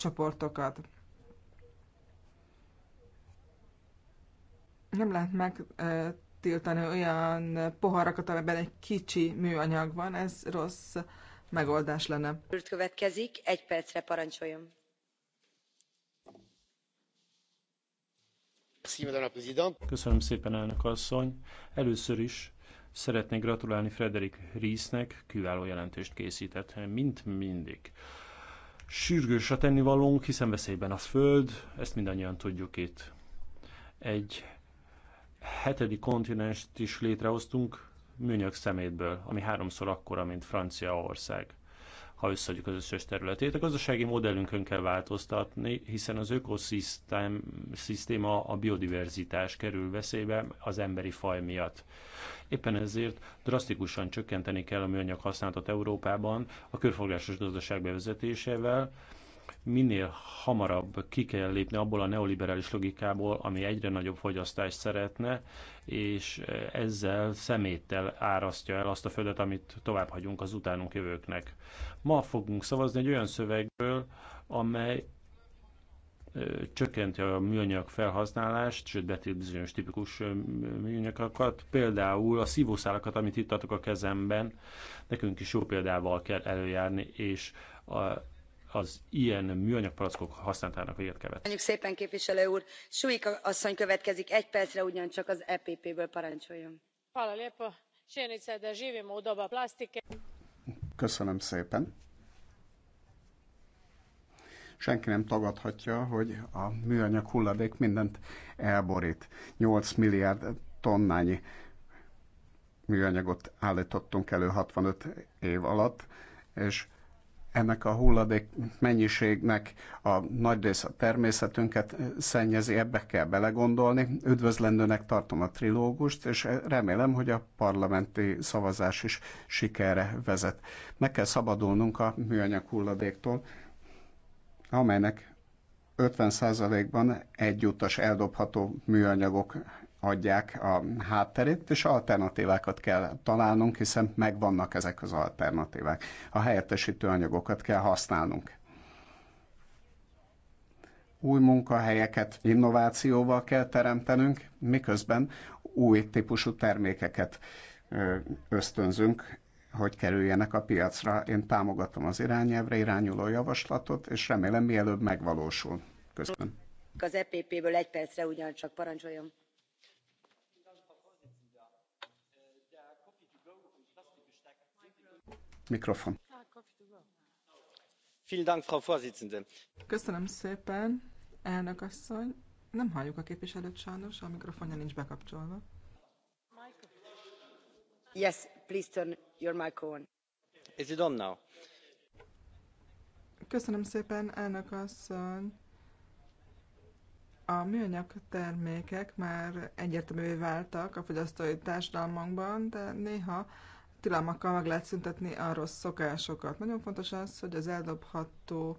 csoportokat. Nem lehet megtiltani olyan poharakat, amiben egy kicsi műanyag van, ez rossz megoldás lenne. Következik, egy percre parancsoljon. Köszönöm szépen, elnök asszony. Először is szeretnék gratulálni Frederik Riesnek, kiváló jelentést készített, mint mindig. Sürgős a tennivalónk, hiszen veszélyben a Föld, ezt mindannyian tudjuk itt. Egy hetedik kontinens is létrehoztunk műanyag szemétből, ami háromszor akkora, mint Franciaország ha összeadjuk az összes területét. A gazdasági modellünkön kell változtatni, hiszen az ökoszisztéma, a biodiverzitás kerül veszélybe az emberi faj miatt. Éppen ezért drasztikusan csökkenteni kell a műanyag használatot Európában a körforgásos gazdaság bevezetésével, minél hamarabb ki kell lépni abból a neoliberális logikából, ami egyre nagyobb fogyasztást szeretne, és ezzel szeméttel árasztja el azt a földet, amit tovább hagyunk az utánunk jövőknek. Ma fogunk szavazni egy olyan szövegből, amely csökkenti a műanyag felhasználást, sőt betiltja bizonyos tipikus műanyagokat, például a szívószálakat, amit itt adok a kezemben, nekünk is jó példával kell előjárni, és a, az ilyen műanyag palackok használatának a kevet. Köszönjük szépen, képviselő úr. Suika asszony következik egy percre ugyancsak az EPP-ből parancsoljon. Köszönöm szépen. Senki nem tagadhatja, hogy a műanyag hulladék mindent elborít. Nyolc milliárd tonnányi műanyagot állítottunk elő 65 év alatt, és ennek a hulladék mennyiségnek a nagy része a természetünket szennyezi, ebbe kell belegondolni. Üdvözlendőnek tartom a trilógust, és remélem, hogy a parlamenti szavazás is sikerre vezet. Meg kell szabadulnunk a műanyag hulladéktól, amelynek 50%-ban egyutas eldobható műanyagok adják a hátterét, és alternatívákat kell találnunk, hiszen megvannak ezek az alternatívák. A helyettesítő anyagokat kell használnunk. Új munkahelyeket innovációval kell teremtenünk, miközben új típusú termékeket ösztönzünk, hogy kerüljenek a piacra. Én támogatom az irányelvre irányuló javaslatot, és remélem mielőbb megvalósul. Köszönöm. Az EPP-ből egy percre ugyancsak parancsoljon Mikrofon. Köszönöm szépen, elnök asszony. Nem halljuk a képviselőt sajnos, a mikrofonja nincs bekapcsolva. Yes, please turn your mic on. Is it on now? Köszönöm szépen, elnök asszony. A műanyag termékek már egyértelművé váltak a fogyasztói társadalmakban, de néha tilalmakkal meg lehet szüntetni a rossz szokásokat. Nagyon fontos az, hogy az eldobható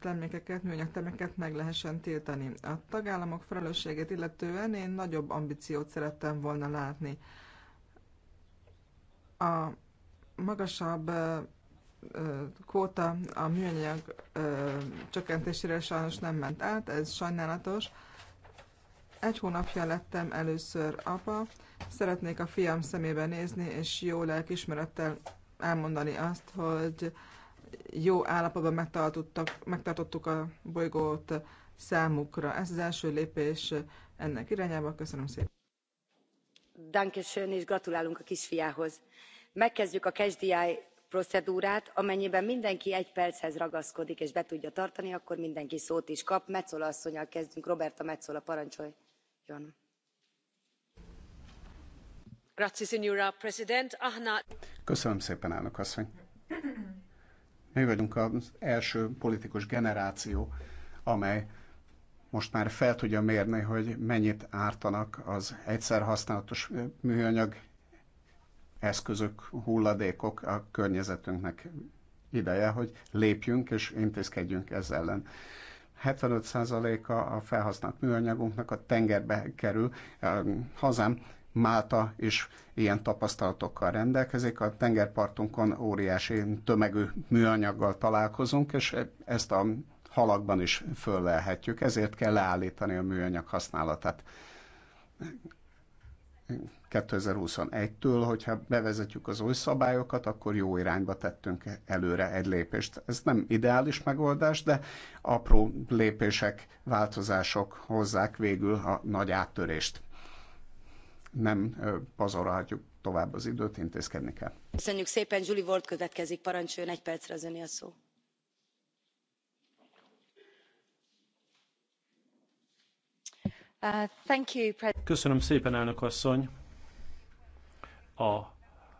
termékeket, műanyag termékeket meg lehessen tiltani. A tagállamok felelősségét illetően én nagyobb ambíciót szerettem volna látni. A magasabb kóta a műanyag csökkentésére sajnos nem ment át, ez sajnálatos. Egy hónapja lettem először apa, Szeretnék a fiam szemébe nézni, és jó lelkismerettel elmondani azt, hogy jó állapotban megtartottuk a bolygót számukra. Ez az első lépés ennek irányába. Köszönöm szépen. Danke schön, és gratulálunk a kisfiához. Megkezdjük a CashDI procedúrát amennyiben mindenki egy perchez ragaszkodik és be tudja tartani akkor mindenki szót is kap Metzola asszonyal kezdünk roberta metzola parancsoljon! Ah, Köszönöm szépen, elnök asszony. Mi vagyunk az első politikus generáció, amely most már fel tudja mérni, hogy mennyit ártanak az egyszer használatos műanyag eszközök, hulladékok a környezetünknek ideje, hogy lépjünk és intézkedjünk ezzel. ellen. 75%-a a felhasznált műanyagunknak a tengerbe kerül. Eh, hazám Málta is ilyen tapasztalatokkal rendelkezik. A tengerpartunkon óriási tömegű műanyaggal találkozunk, és ezt a halakban is föllelhetjük, ezért kell leállítani a műanyag használatát. 2021-től, hogyha bevezetjük az új szabályokat, akkor jó irányba tettünk előre egy lépést. Ez nem ideális megoldás, de apró lépések, változások hozzák végül a nagy áttörést nem pazarolhatjuk tovább az időt, intézkedni kell. Köszönjük szépen, Julie Ward következik, parancsoljon egy percre az öné a szó. Uh, Köszönöm szépen, elnök asszony. A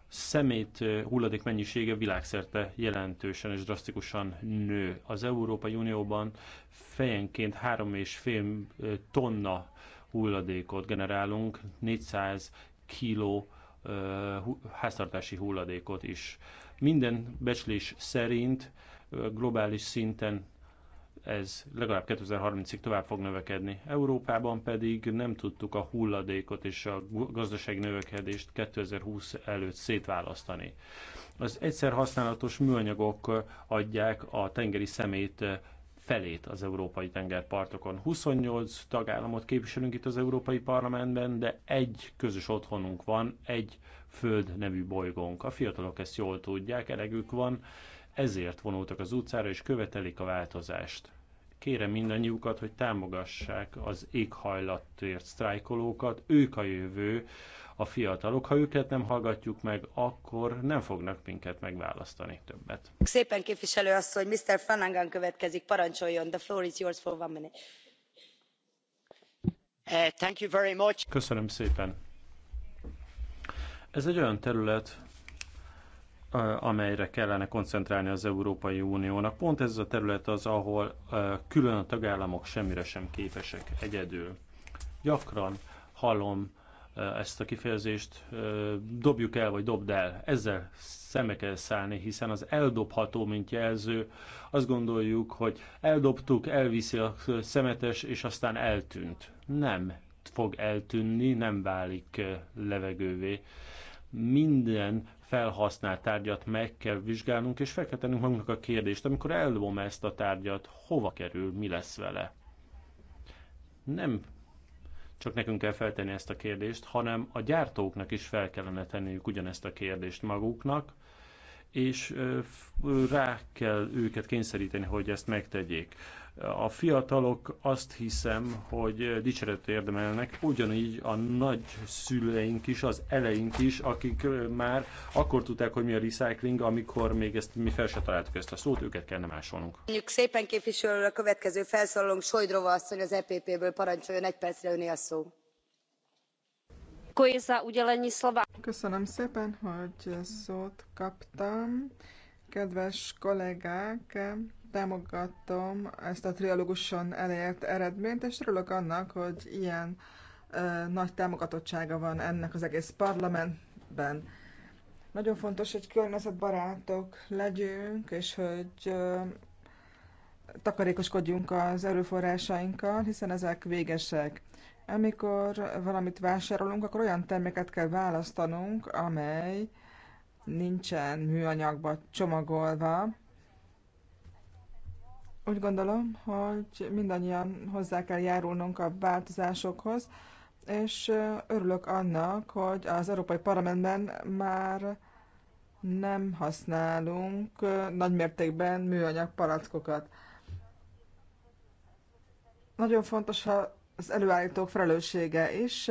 szemét hulladék mennyisége világszerte jelentősen és drasztikusan nő. Az Európai Unióban fejenként 3,5 tonna hulladékot generálunk, 400 kiló háztartási hulladékot is. Minden becslés szerint globális szinten ez legalább 2030-ig tovább fog növekedni. Európában pedig nem tudtuk a hulladékot és a gazdasági növekedést 2020 előtt szétválasztani. Az egyszer használatos műanyagok adják a tengeri szemét felét az európai tengerpartokon. 28 tagállamot képviselünk itt az Európai Parlamentben, de egy közös otthonunk van, egy föld nevű bolygónk. A fiatalok ezt jól tudják, elegük van, ezért vonultak az utcára és követelik a változást. Kérem mindannyiukat, hogy támogassák az éghajlatért sztrájkolókat, ők a jövő, a fiatalok. Ha őket nem hallgatjuk meg, akkor nem fognak minket megválasztani többet. Szépen képviselő hogy Mr. Flanagan következik, parancsoljon. The floor is yours for one minute. Eh, thank you very much. Köszönöm szépen. Ez egy olyan terület, eh, amelyre kellene koncentrálni az Európai Uniónak. Pont ez a terület az, ahol eh, külön a tagállamok semmire sem képesek egyedül. Gyakran hallom ezt a kifejezést, dobjuk el, vagy dobd el. Ezzel szembe kell szállni, hiszen az eldobható, mint jelző, azt gondoljuk, hogy eldobtuk, elviszi a szemetes, és aztán eltűnt. Nem fog eltűnni, nem válik levegővé. Minden felhasznált tárgyat meg kell vizsgálnunk, és fel kell tennünk magunknak a kérdést, amikor eldobom ezt a tárgyat, hova kerül, mi lesz vele? Nem csak nekünk kell feltenni ezt a kérdést, hanem a gyártóknak is fel kellene tenniük ugyanezt a kérdést maguknak, és rá kell őket kényszeríteni, hogy ezt megtegyék. A fiatalok azt hiszem, hogy dicséretet érdemelnek, ugyanígy a nagy szüleink is, az eleink is, akik már akkor tudták, hogy mi a recycling, amikor még ezt mi fel se találtuk ezt a szót, őket kellene másolnunk. Köszönjük szépen képviselő a következő felszólalónk Sojdrova asszony az EPP-ből parancsoljon, egy percre öné a szó Köszönöm szépen, hogy szót kaptam. Kedves kollégák, támogatom ezt a trialóguson elért eredményt, és örülök annak, hogy ilyen ö, nagy támogatottsága van ennek az egész parlamentben. Nagyon fontos, hogy környezetbarátok legyünk, és hogy ö, takarékoskodjunk az erőforrásainkkal, hiszen ezek végesek. Amikor valamit vásárolunk, akkor olyan terméket kell választanunk, amely nincsen műanyagba csomagolva. Úgy gondolom, hogy mindannyian hozzá kell járulnunk a változásokhoz, és örülök annak, hogy az Európai Parlamentben már nem használunk nagymértékben műanyag palackokat. Nagyon fontos, ha az előállítók felelőssége is,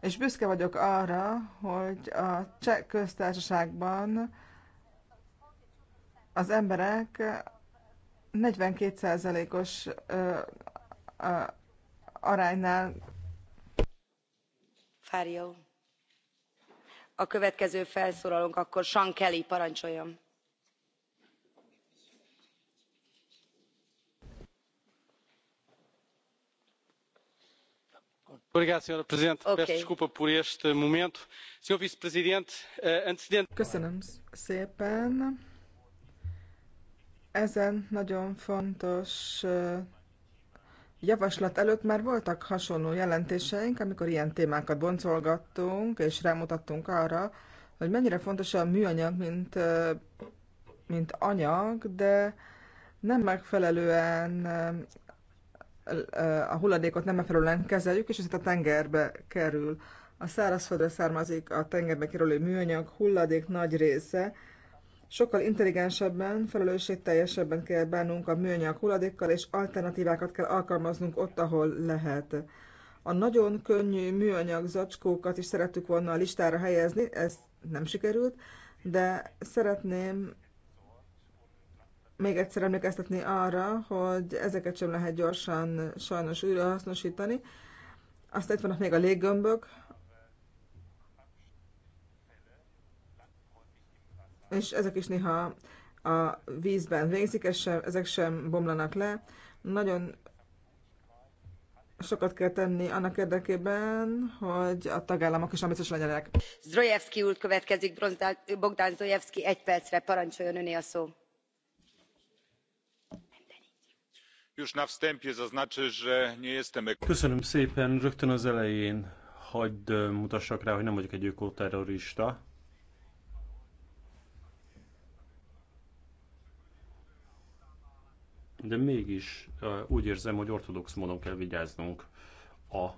és büszke vagyok arra, hogy a cseh köztársaságban az emberek 42%-os aránynál Fárjó. A következő felszólalónk akkor Sean Kelly, parancsoljon señora presidenta eh, köszönöm szépen ezen nagyon fontos eh, javaslat előtt már voltak hasonló jelentéseink amikor ilyen témákat boncolgattunk és rámutattunk arra hogy mennyire fontos a műanyag mint eh, mint anyag de nem megfelelően a hulladékot nem megfelelően kezeljük, és ez a tengerbe kerül. A szárazföldre származik a tengerbe kerülő műanyag hulladék nagy része. Sokkal intelligensebben, felelősségteljesebben kell bánnunk a műanyag hulladékkal, és alternatívákat kell alkalmaznunk ott, ahol lehet. A nagyon könnyű műanyag zacskókat is szerettük volna a listára helyezni, ez nem sikerült, de szeretném még egyszer emlékeztetni arra, hogy ezeket sem lehet gyorsan sajnos újra hasznosítani. Aztán itt vannak még a léggömbök, és ezek is néha a vízben végzik, ez sem, ezek sem bomlanak le. Nagyon sokat kell tenni annak érdekében, hogy a tagállamok is ambiciózus legyenek. Zdrojevski úr következik, Bogdán Zdrojevski egy percre, parancsoljon öné a szó Köszönöm szépen, rögtön az elején hagyd mutassak rá, hogy nem vagyok egy ökoterrorista. De mégis úgy érzem, hogy ortodox módon kell vigyáznunk a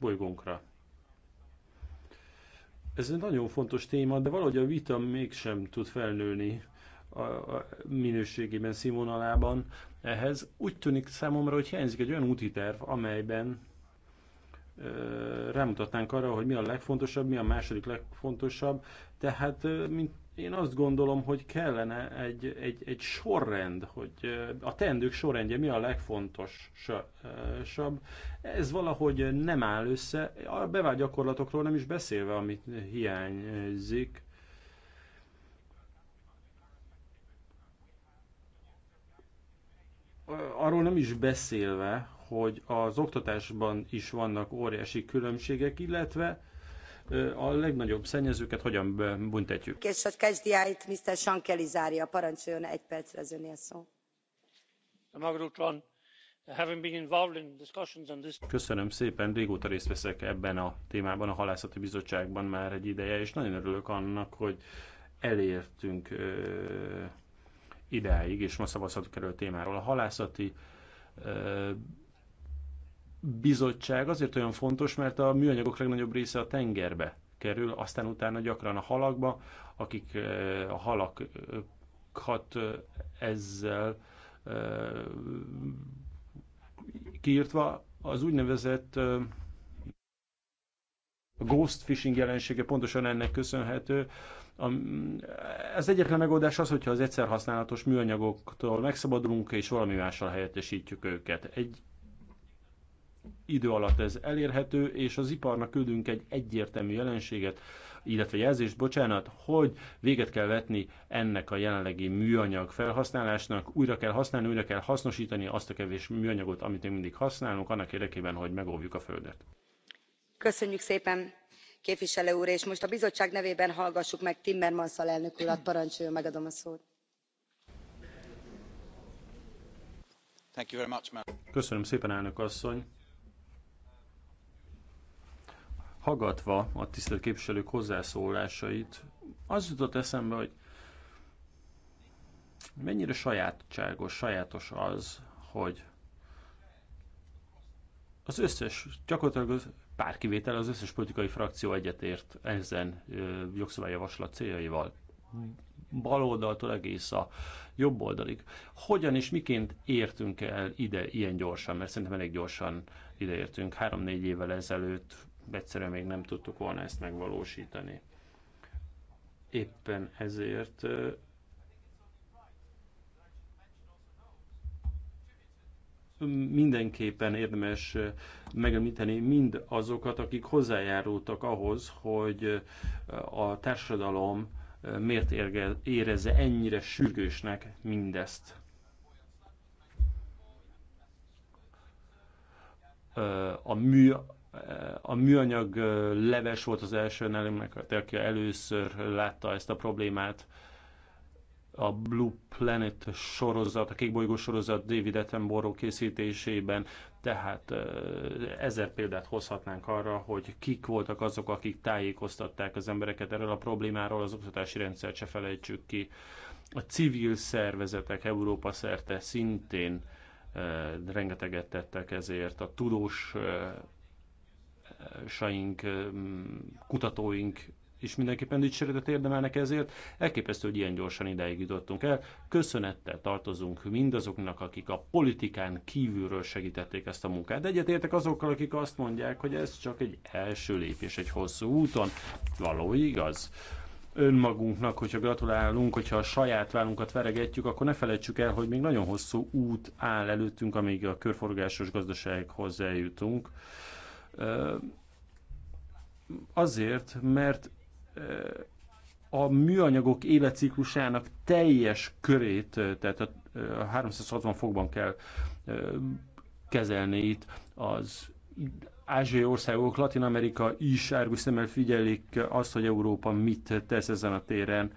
bolygónkra. Ez egy nagyon fontos téma, de valahogy a vita mégsem tud felnőni a minőségében, színvonalában ehhez. Úgy tűnik számomra, hogy hiányzik egy olyan úti terv, amelyben rámutatnánk arra, hogy mi a legfontosabb, mi a második legfontosabb. Tehát mint én azt gondolom, hogy kellene egy, egy, egy sorrend, hogy a teendők sorrendje mi a legfontosabb. Ez valahogy nem áll össze, a bevált gyakorlatokról nem is beszélve, amit hiányzik. arról nem is beszélve, hogy az oktatásban is vannak óriási különbségek, illetve a legnagyobb szennyezőket hogyan büntetjük. És a kezdiáit Mr. Sankeli zárja, parancsoljon egy percre az önél szó. Köszönöm szépen, régóta részt veszek ebben a témában, a halászati bizottságban már egy ideje, és nagyon örülök annak, hogy elértünk idáig, és most szavazhatok erről a témáról. A halászati bizottság azért olyan fontos, mert a műanyagok legnagyobb része a tengerbe kerül, aztán utána gyakran a halakba, akik a halakat ezzel kiírtva az úgynevezett ghost fishing jelensége pontosan ennek köszönhető, Mm, az egyetlen megoldás az, hogyha az egyszer használatos műanyagoktól megszabadulunk, és valami mással helyettesítjük őket. Egy idő alatt ez elérhető, és az iparnak küldünk egy egyértelmű jelenséget, illetve jelzést, bocsánat, hogy véget kell vetni ennek a jelenlegi műanyag felhasználásnak, újra kell használni, újra kell hasznosítani azt a kevés műanyagot, amit még mindig használunk, annak érdekében, hogy megóvjuk a Földet. Köszönjük szépen! képviselő úr és most a bizottság nevében hallgassuk meg timmermans alelnök urat parancsoljon megadom a szót. Köszönöm szépen, elnök asszony! Hallgatva a tisztelt képviselők hozzászólásait, az jutott eszembe, hogy mennyire sajátságos, sajátos az, hogy az összes, gyakorlatilag az pár kivétel, az összes politikai frakció egyetért ezen jogszabályjavaslat céljaival baloldaltól egész a jobb oldalig. Hogyan és miként értünk el ide ilyen gyorsan? Mert szerintem elég gyorsan ideértünk. Három-négy évvel ezelőtt egyszerűen még nem tudtuk volna ezt megvalósítani. Éppen ezért mindenképpen érdemes megemlíteni mind azokat, akik hozzájárultak ahhoz, hogy a társadalom miért érezze ennyire sürgősnek mindezt. A mű a műanyag leves volt az első nelemnek, aki először látta ezt a problémát a Blue Planet sorozat, a kékbolygó sorozat David Attenborough készítésében, tehát ezer példát hozhatnánk arra, hogy kik voltak azok, akik tájékoztatták az embereket erről a problémáról, az oktatási rendszert se felejtsük ki. A civil szervezetek Európa szerte szintén rengeteget tettek ezért, a tudós saink, kutatóink is mindenképpen dicséretet érdemelnek ezért. Elképesztő, hogy ilyen gyorsan ideig jutottunk el. Köszönettel tartozunk mindazoknak, akik a politikán kívülről segítették ezt a munkát. De egyetértek azokkal, akik azt mondják, hogy ez csak egy első lépés egy hosszú úton. Való igaz önmagunknak, hogyha gratulálunk, hogyha a saját vállunkat veregetjük, akkor ne felejtsük el, hogy még nagyon hosszú út áll előttünk, amíg a körforgásos gazdasághoz eljutunk. Azért, mert a műanyagok életciklusának teljes körét, tehát a 360 fokban kell kezelni itt az ázsiai országok, Latin Amerika is árgus szemmel figyelik azt, hogy Európa mit tesz ezen a téren.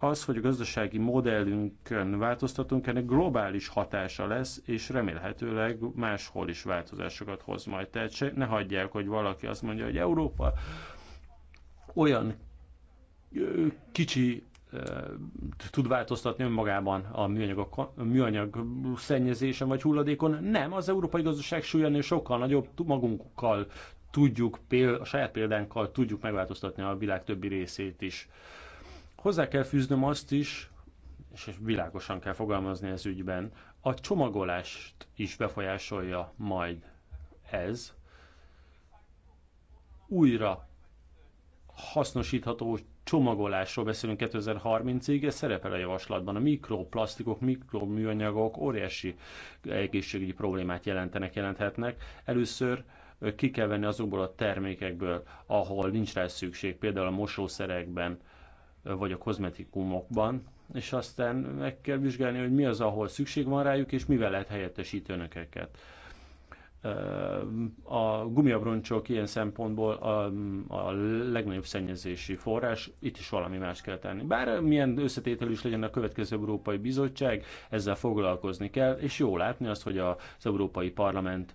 Az, hogy a gazdasági modellünkön változtatunk, ennek globális hatása lesz, és remélhetőleg máshol is változásokat hoz majd. Tehát se ne hagyják, hogy valaki azt mondja, hogy Európa olyan kicsi tud változtatni önmagában a műanyag, a műanyag szennyezésen vagy hulladékon. Nem, az európai gazdaság súlyánél sokkal nagyobb, magunkkal tudjuk, a saját példánkkal tudjuk megváltoztatni a világ többi részét is. Hozzá kell fűznöm azt is, és világosan kell fogalmazni ez ügyben, a csomagolást is befolyásolja majd ez. Újra hasznosítható csomagolásról beszélünk 2030-ig, ez szerepel a javaslatban. A mikroplasztikok, mikroműanyagok óriási egészségügyi problémát jelentenek, jelenthetnek. Először ki kell venni azokból a termékekből, ahol nincs rá szükség, például a mosószerekben vagy a kozmetikumokban, és aztán meg kell vizsgálni, hogy mi az, ahol szükség van rájuk, és mivel lehet helyettesíteni őket a gumiabroncsok ilyen szempontból a, a legnagyobb szennyezési forrás, itt is valami más kell tenni. Bár milyen összetétel is legyen a következő Európai Bizottság, ezzel foglalkozni kell, és jó látni azt, hogy az Európai Parlament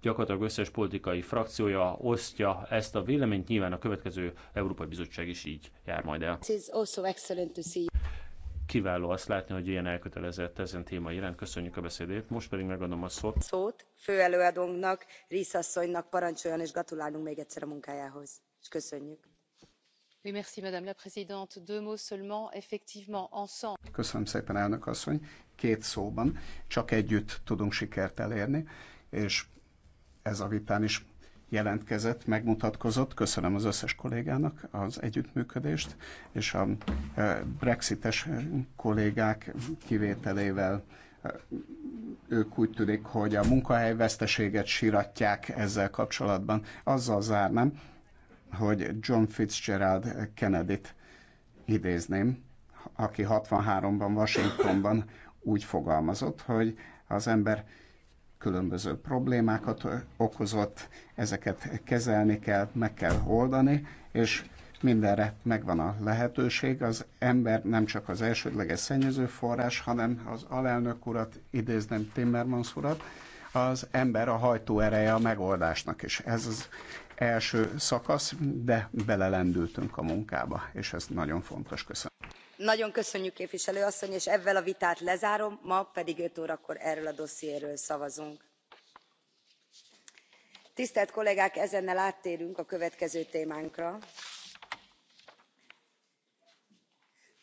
gyakorlatilag összes politikai frakciója osztja ezt a véleményt, nyilván a következő Európai Bizottság is így jár majd el kiváló azt látni, hogy ilyen elkötelezett ezen téma iránt. Köszönjük a beszédét. Most pedig megadom a szót. Szót főelőadónknak, Rízasszonynak parancsoljon, és gratulálunk még egyszer a munkájához. És köszönjük. Oui, merci, Madame la Présidente. Deux mots seulement, effectivement, ensemble. Köszönöm szépen, elnök asszony. Két szóban. Csak együtt tudunk sikert elérni, és ez a vitán is jelentkezett, megmutatkozott. Köszönöm az összes kollégának az együttműködést, és a e, brexites kollégák kivételével e, ők úgy tűnik, hogy a munkahely veszteséget siratják ezzel kapcsolatban. Azzal zárnám, hogy John Fitzgerald kennedy t idézném, aki 63-ban Washingtonban úgy fogalmazott, hogy az ember különböző problémákat okozott, ezeket kezelni kell, meg kell oldani, és mindenre megvan a lehetőség. Az ember nem csak az elsődleges szennyező forrás, hanem az alelnök urat, idézném Timmermans urat, az ember a hajtó ereje a megoldásnak is. Ez az első szakasz, de belelendültünk a munkába, és ez nagyon fontos. Köszönöm nagyon köszönjük képviselő asszony és evvel a vitát lezárom ma pedig five órakor erről a dossziéről szavazunk. tisztelt kollégák ezennel áttérünk a következő témánkra.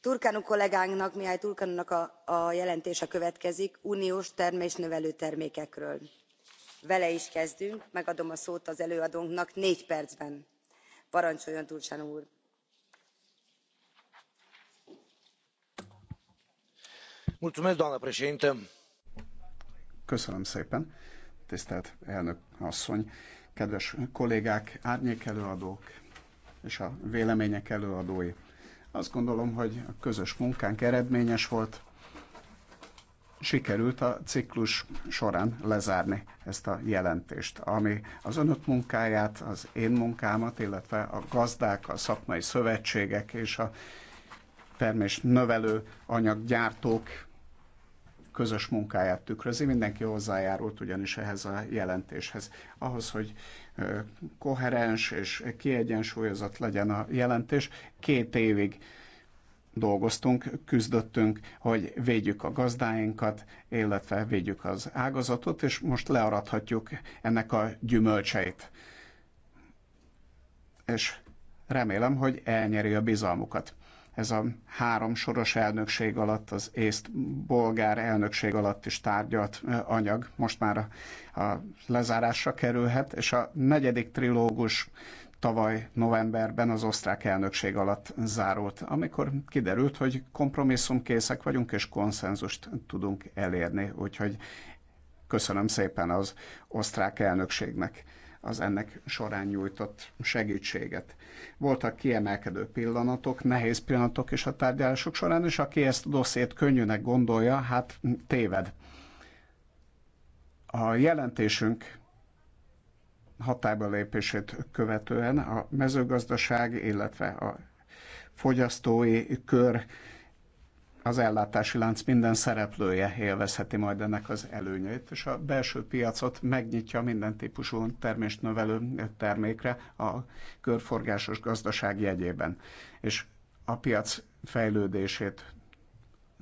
urcanu kollégánknak mihály urcanunak a, a jelentése következik uniós termésnövelő termékekről. vele is kezdünk megadom a szót az előadónknak négy percben. parancsoljon urcanu úr! doamnă președintă. Köszönöm szépen, tisztelt elnök asszony, kedves kollégák, árnyék előadók és a vélemények előadói. Azt gondolom, hogy a közös munkánk eredményes volt, sikerült a ciklus során lezárni ezt a jelentést, ami az önök munkáját, az én munkámat, illetve a gazdák, a szakmai szövetségek és a termés növelő anyaggyártók közös munkáját tükrözi, mindenki hozzájárult ugyanis ehhez a jelentéshez. Ahhoz, hogy koherens és kiegyensúlyozott legyen a jelentés, két évig dolgoztunk, küzdöttünk, hogy védjük a gazdáinkat, illetve védjük az ágazatot, és most learadhatjuk ennek a gyümölcseit. És remélem, hogy elnyeri a bizalmukat ez a három soros elnökség alatt, az észt-bolgár elnökség alatt is tárgyalt anyag most már a, a lezárásra kerülhet, és a negyedik trilógus tavaly novemberben az osztrák elnökség alatt zárult, amikor kiderült, hogy kompromisszumkészek vagyunk, és konszenzust tudunk elérni, úgyhogy köszönöm szépen az osztrák elnökségnek az ennek során nyújtott segítséget. Voltak kiemelkedő pillanatok, nehéz pillanatok is a tárgyalások során, és aki ezt a dossziét könnyűnek gondolja, hát téved. A jelentésünk hatályba lépését követően a mezőgazdaság, illetve a fogyasztói kör az ellátási lánc minden szereplője élvezheti majd ennek az előnyeit, és a belső piacot megnyitja minden típusú termést növelő termékre a körforgásos gazdaság jegyében. És a piac fejlődését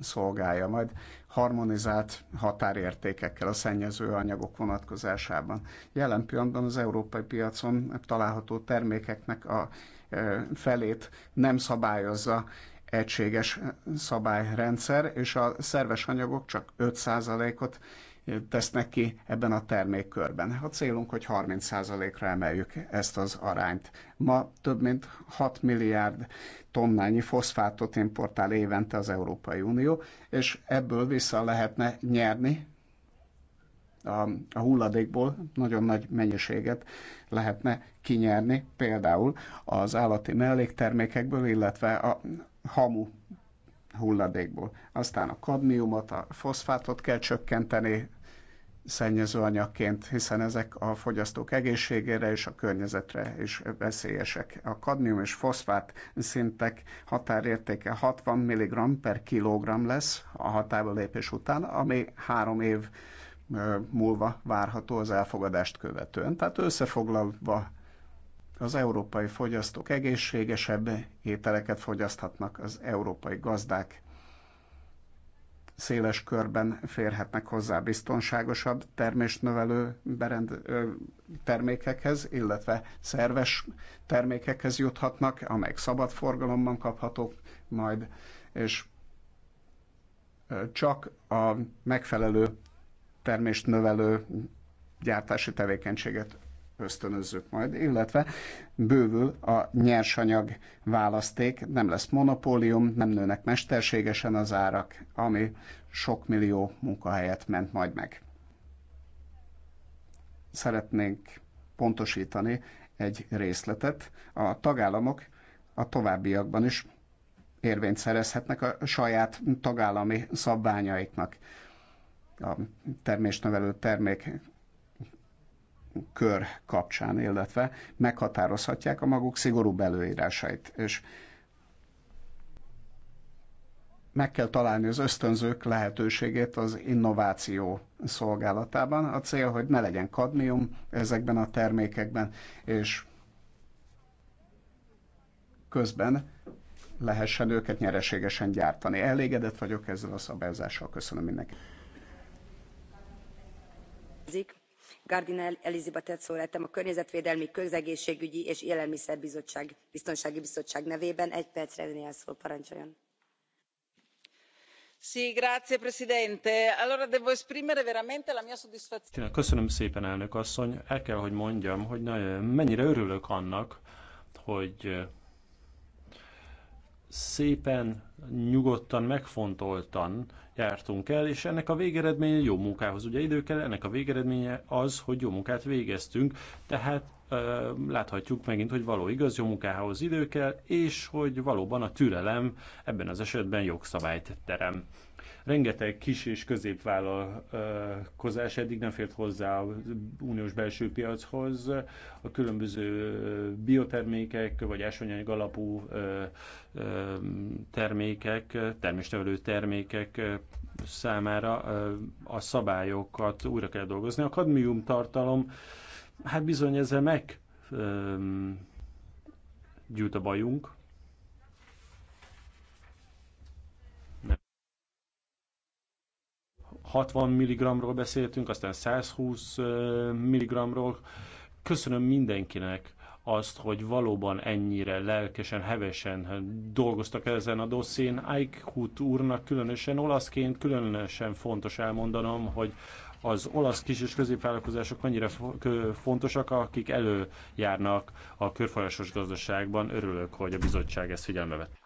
szolgálja majd harmonizált határértékekkel a szennyező anyagok vonatkozásában. Jelen pillanatban az európai piacon található termékeknek a e, felét nem szabályozza egységes szabályrendszer, és a szerves anyagok csak 5%-ot tesznek ki ebben a termékkörben. A célunk, hogy 30%-ra emeljük ezt az arányt. Ma több mint 6 milliárd tonnányi foszfátot importál évente az Európai Unió, és ebből vissza lehetne nyerni a, a hulladékból nagyon nagy mennyiséget lehetne kinyerni, például az állati melléktermékekből, illetve a hamu hulladékból. Aztán a kadmiumot, a foszfátot kell csökkenteni szennyezőanyagként, hiszen ezek a fogyasztók egészségére és a környezetre is veszélyesek. A kadmium és foszfát szintek határértéke 60 mg per kilogramm lesz a hatába lépés után, ami három év múlva várható az elfogadást követően. Tehát összefoglalva az európai fogyasztók egészségesebb ételeket fogyaszthatnak, az európai gazdák széles körben férhetnek hozzá biztonságosabb termésnövelő berend, termékekhez, illetve szerves termékekhez juthatnak, amelyek szabad forgalomban kaphatók majd, és csak a megfelelő termést növelő gyártási tevékenységet ösztönözzük majd, illetve bővül a nyersanyag választék, nem lesz monopólium, nem nőnek mesterségesen az árak, ami sok millió munkahelyet ment majd meg. Szeretnénk pontosítani egy részletet. A tagállamok a továbbiakban is érvényt szerezhetnek a saját tagállami szabványaiknak a termésnövelő termék kör kapcsán, illetve meghatározhatják a maguk szigorú előírásait. És meg kell találni az ösztönzők lehetőségét az innováció szolgálatában. A cél, hogy ne legyen kadmium ezekben a termékekben, és közben lehessen őket nyereségesen gyártani. Elégedett vagyok ezzel a szabályzással. Köszönöm mindenkinek gardini Elisabethet szólaltam a környezetvédelmi közegészségügyi és élelmiszerbiztonsági bizottság nevében. egy percre öné a szó parancsoljon! köszönöm szépen elnök asszony el kell hogy mondjam hogy mennyire örülök annak hogy szépen, nyugodtan, megfontoltan jártunk el, és ennek a végeredménye jó munkához ugye idő kell, ennek a végeredménye az, hogy jó munkát végeztünk, tehát láthatjuk megint, hogy való igaz, jó munkához idő kell, és hogy valóban a türelem ebben az esetben jogszabályt terem. Rengeteg kis és középvállalkozás eddig nem fért hozzá az uniós belső piachoz. A különböző biotermékek vagy ásványanyag alapú termékek, termésnevelő termékek számára a szabályokat újra kell dolgozni. A kadmium tartalom Hát bizony ezzel meg um, gyűlt a bajunk. Nem. 60 mg-ról beszéltünk, aztán 120 mg-ról. Köszönöm mindenkinek azt, hogy valóban ennyire lelkesen, hevesen dolgoztak ezen a dosszén. Eichhut úrnak különösen olaszként különösen fontos elmondanom, hogy az olasz kis- és középvállalkozások mennyire fontosak, akik előjárnak a körfolyasos gazdaságban. Örülök, hogy a bizottság ezt figyelme vett.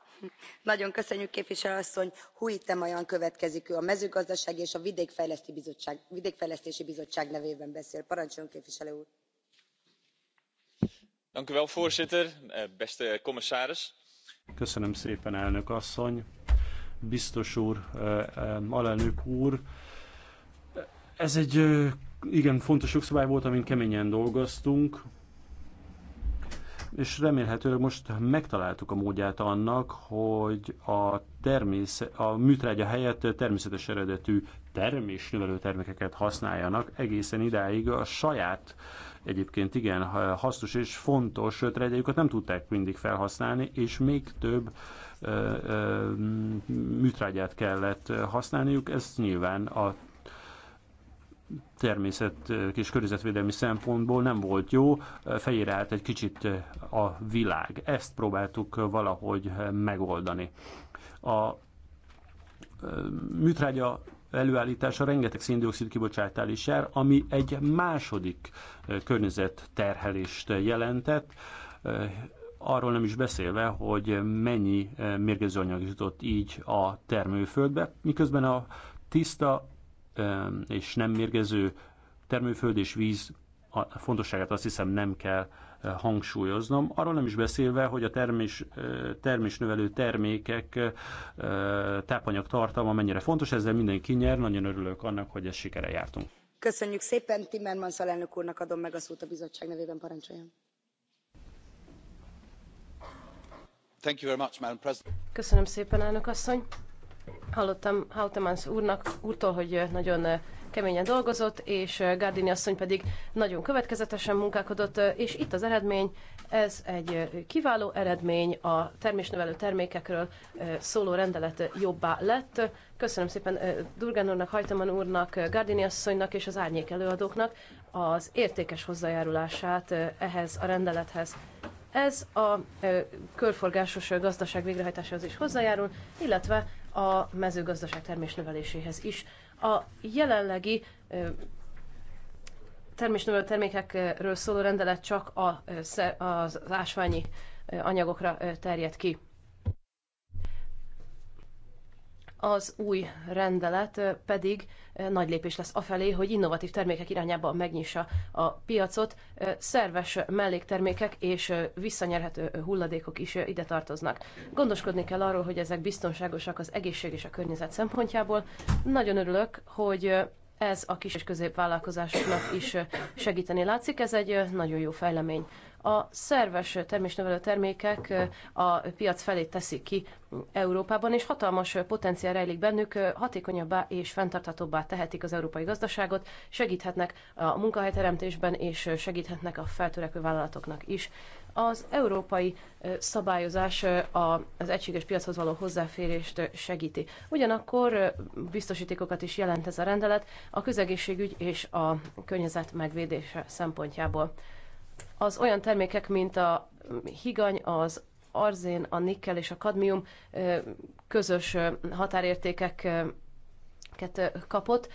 Nagyon köszönjük képviselő asszony. Hui Temajan következik, ő a mezőgazdasági és a vidékfejlesztési bizottság, vidékfejlesztési bizottság nevében beszél. Parancsoljon képviselő úr! voorzitter eh, beste commissaris köszönöm szépen elnök asszony biztos úr eh, alelnök úr! Ez egy igen fontos jogszabály volt, amin keményen dolgoztunk, és remélhetőleg most megtaláltuk a módját annak, hogy a, természet, a műtrágya helyett természetes eredetű növelő termékeket használjanak egészen idáig a saját egyébként igen hasznos és fontos trágyájukat nem tudták mindig felhasználni, és még több ö, ö, műtrágyát kellett használniuk, ez nyilván a természet és környezetvédelmi szempontból nem volt jó, fejére állt egy kicsit a világ. Ezt próbáltuk valahogy megoldani. A műtrágya előállítása rengeteg széndiokszid kibocsátál is jár, ami egy második környezetterhelést jelentett, arról nem is beszélve, hogy mennyi mérgező anyag jutott így a termőföldbe, miközben a tiszta és nem mérgező termőföld és víz a fontosságát azt hiszem nem kell hangsúlyoznom. Arról nem is beszélve, hogy a termés, termésnövelő termékek tápanyag tartalma mennyire fontos, ezzel mindenki nyer. Nagyon örülök annak, hogy ezt sikere jártunk. Köszönjük szépen, Timmermans alelnök úrnak adom meg a szót a bizottság nevében, parancsoljon. Köszönöm szépen, elnök asszony. Hallottam Hautemans úrnak, úrtól, hogy nagyon keményen dolgozott, és Gárdini asszony pedig nagyon következetesen munkálkodott, és itt az eredmény, ez egy kiváló eredmény, a termésnövelő termékekről szóló rendelet jobbá lett. Köszönöm szépen Durgán úrnak, Hajtaman úrnak, Gárdini asszonynak és az árnyék előadóknak az értékes hozzájárulását ehhez a rendelethez. Ez a körforgásos gazdaság végrehajtásához is hozzájárul, illetve a mezőgazdaság termésnöveléséhez is. A jelenlegi termésnövelő termékekről szóló rendelet csak az ásványi anyagokra terjed ki. az új rendelet pedig nagy lépés lesz afelé, hogy innovatív termékek irányába megnyissa a piacot. Szerves melléktermékek és visszanyerhető hulladékok is ide tartoznak. Gondoskodni kell arról, hogy ezek biztonságosak az egészség és a környezet szempontjából. Nagyon örülök, hogy ez a kis és középvállalkozásoknak is segíteni látszik. Ez egy nagyon jó fejlemény. A szerves termésnövelő termékek a piac felé teszik ki Európában, és hatalmas potenciál rejlik bennük, hatékonyabbá és fenntarthatóbbá tehetik az európai gazdaságot, segíthetnek a munkahelyteremtésben, és segíthetnek a feltörekvő vállalatoknak is. Az európai szabályozás az egységes piachoz való hozzáférést segíti. Ugyanakkor biztosítékokat is jelent ez a rendelet a közegészségügy és a környezet megvédése szempontjából az olyan termékek, mint a higany, az arzén, a nikkel és a kadmium közös határértékeket kapott,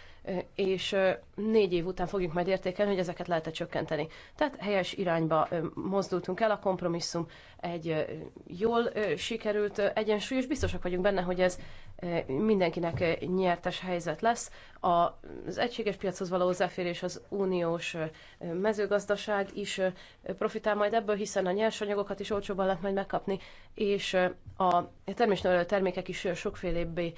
és négy év után fogjuk majd értékelni, hogy ezeket lehet-e csökkenteni. Tehát helyes irányba mozdultunk el, a kompromisszum egy jól sikerült egyensúly, és biztosak vagyunk benne, hogy ez mindenkinek nyertes helyzet lesz. Az egységes piachoz való hozzáférés az uniós mezőgazdaság is profitál majd ebből, hiszen a nyersanyagokat is olcsóban lehet majd megkapni, és a termésnövelő termékek is sokfélébbé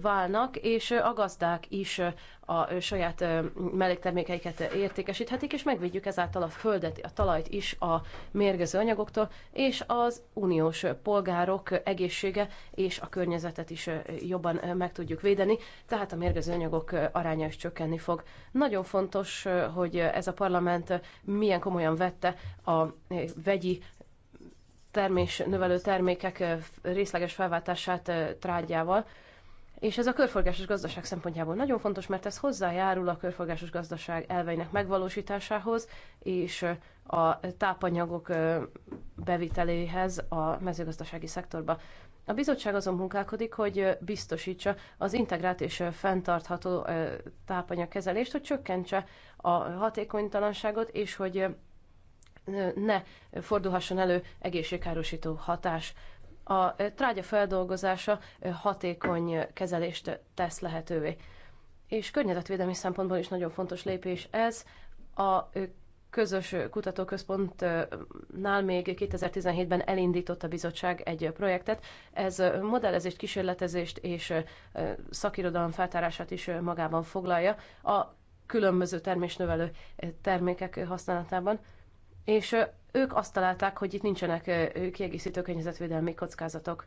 válnak, és a gazdák is a saját melléktermékeiket értékesíthetik, és megvédjük ezáltal a földet, a talajt is a mérgező anyagoktól, és az uniós polgárok egészsége és a környezetet is jobban meg tudjuk védeni, tehát a mérgező anyagok aránya is csökkenni fog. Nagyon fontos, hogy ez a parlament milyen komolyan vette a vegyi termés növelő termékek részleges felváltását trágyával, és ez a körforgásos gazdaság szempontjából nagyon fontos, mert ez hozzájárul a körforgásos gazdaság elveinek megvalósításához, és a tápanyagok beviteléhez a mezőgazdasági szektorba. A bizottság azon munkálkodik, hogy biztosítsa az integrált és fenntartható tápanyagkezelést, hogy csökkentse a hatékonytalanságot, és hogy ne fordulhasson elő egészségkárosító hatás a trágya feldolgozása hatékony kezelést tesz lehetővé. És környezetvédelmi szempontból is nagyon fontos lépés ez. A közös kutatóközpontnál még 2017-ben elindított a bizottság egy projektet. Ez modellezést, kísérletezést és szakirodalom feltárását is magában foglalja a különböző termésnövelő termékek használatában és ők azt találták, hogy itt nincsenek kiegészítő környezetvédelmi kockázatok.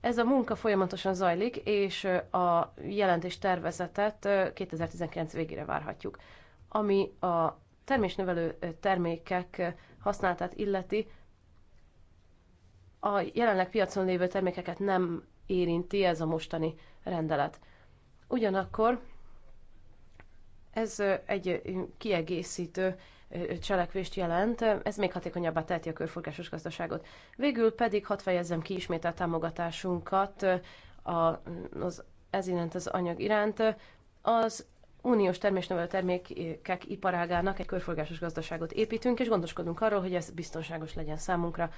Ez a munka folyamatosan zajlik, és a jelentés tervezetet 2019 végére várhatjuk. Ami a termésnövelő termékek használatát illeti, a jelenleg piacon lévő termékeket nem érinti ez a mostani rendelet. Ugyanakkor ez egy kiegészítő cselekvést jelent, ez még hatékonyabbá teheti a körforgásos gazdaságot. Végül pedig hadd fejezzem ki ismét a támogatásunkat a, az, ez iránt az anyag iránt. Az uniós termésnövelő termékek iparágának egy körforgásos gazdaságot építünk, és gondoskodunk arról, hogy ez biztonságos legyen számunkra.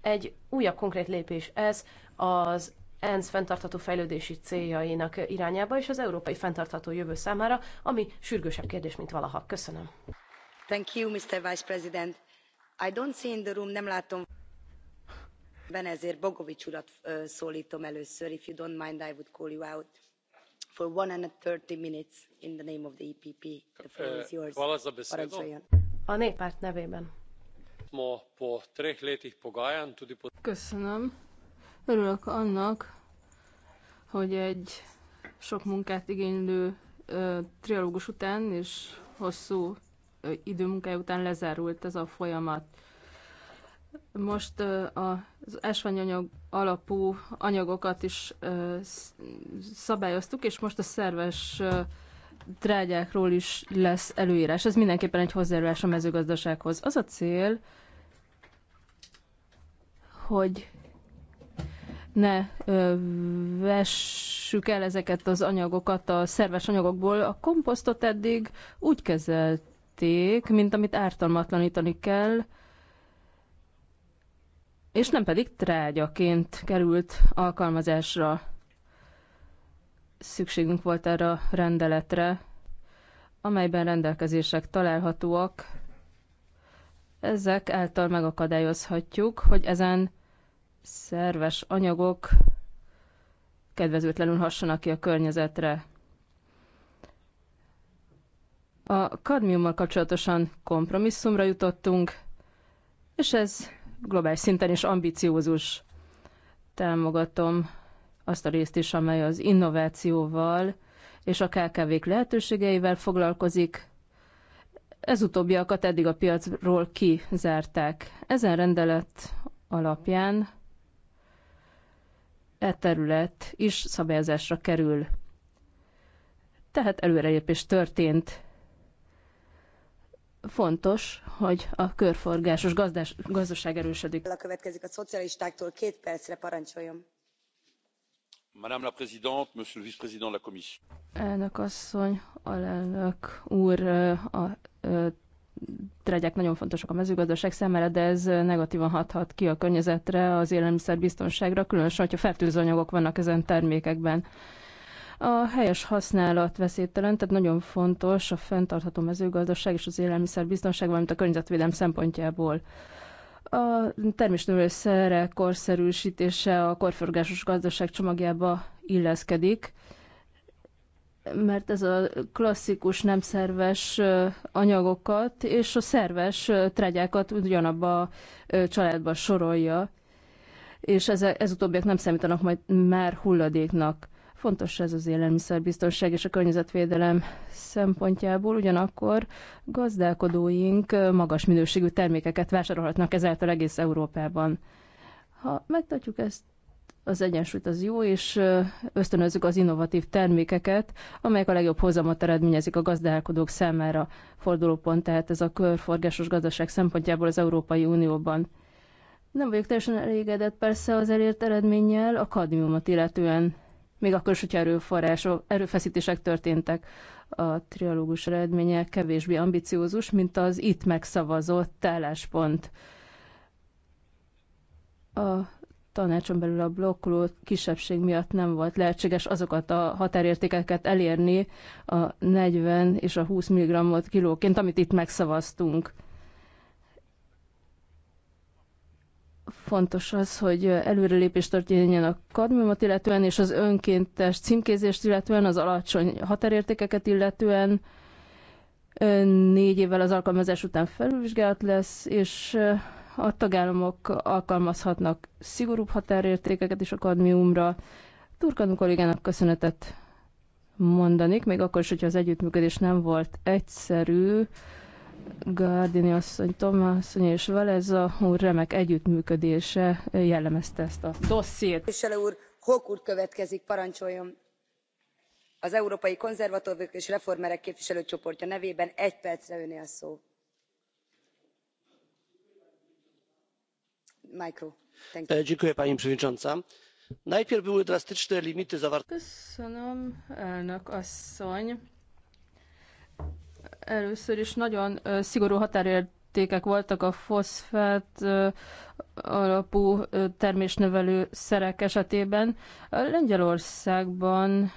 Egy újabb konkrét lépés ez az ENSZ fenntartható fejlődési céljainak irányába és az európai fenntartható jövő számára, ami sürgősebb kérdés, mint valaha. Köszönöm. I don't see in the room. nem látom van ezért bogovi urat szóltom először if you don't mind i would call you out for one and thirty minutes in the name of the epp. the floor is yours. parancsoljon! a néppárt nevében. köszönöm. örülök annak hogy egy sok munkát igénylő trialógus után és hosszú időmunkája után lezárult ez a folyamat. Most az esvanyanyag alapú anyagokat is szabályoztuk, és most a szerves trágyákról is lesz előírás. Ez mindenképpen egy hozzájárulás a mezőgazdasághoz. Az a cél, hogy ne ö, vessük el ezeket az anyagokat a szerves anyagokból. A komposztot eddig úgy kezelt érték, mint amit ártalmatlanítani kell, és nem pedig trágyaként került alkalmazásra. Szükségünk volt erre a rendeletre, amelyben rendelkezések találhatóak. Ezek által megakadályozhatjuk, hogy ezen szerves anyagok kedvezőtlenül hassanak ki a környezetre. A kadmiummal kapcsolatosan kompromisszumra jutottunk, és ez globális szinten is ambiciózus. Támogatom azt a részt is, amely az innovációval és a kkv lehetőségeivel foglalkozik. Ez utóbbiakat eddig a piacról kizárták. Ezen rendelet alapján e terület is szabályozásra kerül. Tehát előrelépés történt fontos, hogy a körforgásos gazdás, gazdaság erősödik. A következik a szocialistáktól két percre parancsoljon. Madame la Présidente, Monsieur le Vice-président de la Commission. Elnök asszony, alelnök úr, a, a, a tregyek nagyon fontosak a mezőgazdaság számára, de ez negatívan hathat ki a környezetre, az élelmiszerbiztonságra, különösen, hogyha fertőzőanyagok vannak ezen termékekben. A helyes használat veszélytelen, tehát nagyon fontos a fenntartható mezőgazdaság és az élelmiszerbiztonság, valamint a környezetvédelem szempontjából a termésnövőszerek korszerűsítése a korforgásos gazdaság csomagjába illeszkedik, mert ez a klasszikus nem szerves anyagokat és a szerves trágyákat ugyanabba a családba sorolja, és ez, ez utóbbiak nem számítanak majd már hulladéknak. Fontos ez az élelmiszerbiztonság és a környezetvédelem szempontjából, ugyanakkor gazdálkodóink magas minőségű termékeket vásárolhatnak ezáltal egész Európában. Ha megtartjuk ezt az egyensúlyt az jó, és ösztönözzük az innovatív termékeket, amelyek a legjobb hozamot eredményezik a gazdálkodók számára. Fordulópont tehát ez a körforgásos gazdaság szempontjából az Európai Unióban. Nem vagyok teljesen elégedett persze az elért eredménnyel, a kadmiumot illetően még akkor is, hogyha erőforrások, erőfeszítések történtek. A trialógus eredménye kevésbé ambiciózus, mint az itt megszavazott álláspont. A tanácson belül a blokkoló kisebbség miatt nem volt lehetséges azokat a határértékeket elérni, a 40 és a 20 mg kilóként, amit itt megszavaztunk. fontos az, hogy előrelépés történjen a kadmiumot illetően, és az önkéntes címkézést illetően, az alacsony határértékeket illetően. Négy évvel az alkalmazás után felülvizsgálat lesz, és a tagállamok alkalmazhatnak szigorúbb határértékeket is a kadmiumra. Turkanú kollégának köszönetet mondanék, még akkor is, hogyha az együttműködés nem volt egyszerű, Gardini asszony, Toma asszony és Valeza úr remek együttműködése jellemezte ezt a dossziét. Képviselő úr, Hók úr következik, parancsoljon! Az Európai Konzervatóvők és Reformerek képviselőcsoportja nevében egy percre öné a szó. Micro. Thank you. E, dziękuję, pani przewodnicząca najpierw były drastyczne limity zawarte. Először is nagyon szigorú határértékek voltak a foszfát alapú termésnövelő szerek esetében. A Lengyelországban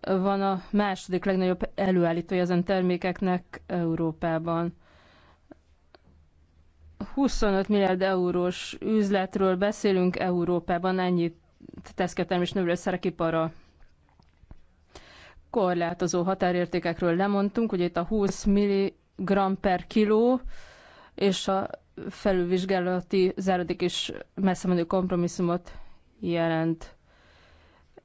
van a második legnagyobb előállítója ezen termékeknek Európában. 25 milliárd eurós üzletről beszélünk Európában, ennyit tesz ki a ipara korlátozó határértékekről lemondtunk, ugye itt a 20 mg per kiló, és a felülvizsgálati záradék is messze menő kompromisszumot jelent.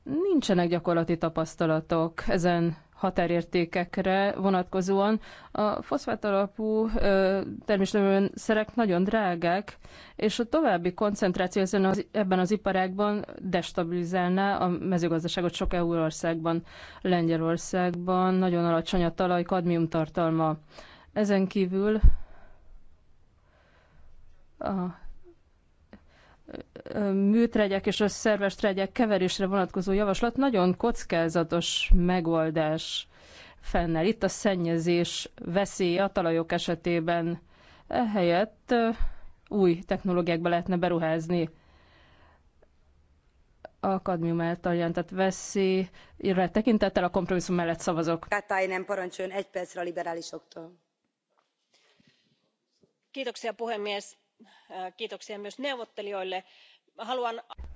Nincsenek gyakorlati tapasztalatok ezen határértékekre vonatkozóan. A foszfát alapú szerek nagyon drágák, és a további koncentráció ezen az, ebben az iparágban destabilizálná a mezőgazdaságot sok EU országban, Lengyelországban nagyon alacsony a talaj kadmium tartalma. Ezen kívül a műtregyek és a szerves tregyek keverésre vonatkozó javaslat nagyon kockázatos megoldás fennel. Itt a szennyezés veszély a talajok esetében ehelyett új technológiákba lehetne beruházni a kadmium által jelentett veszélyre tekintettel a kompromisszum mellett szavazok. Katainen parancsoljon egy percre a liberálisoktól. Kiitoksia puhemies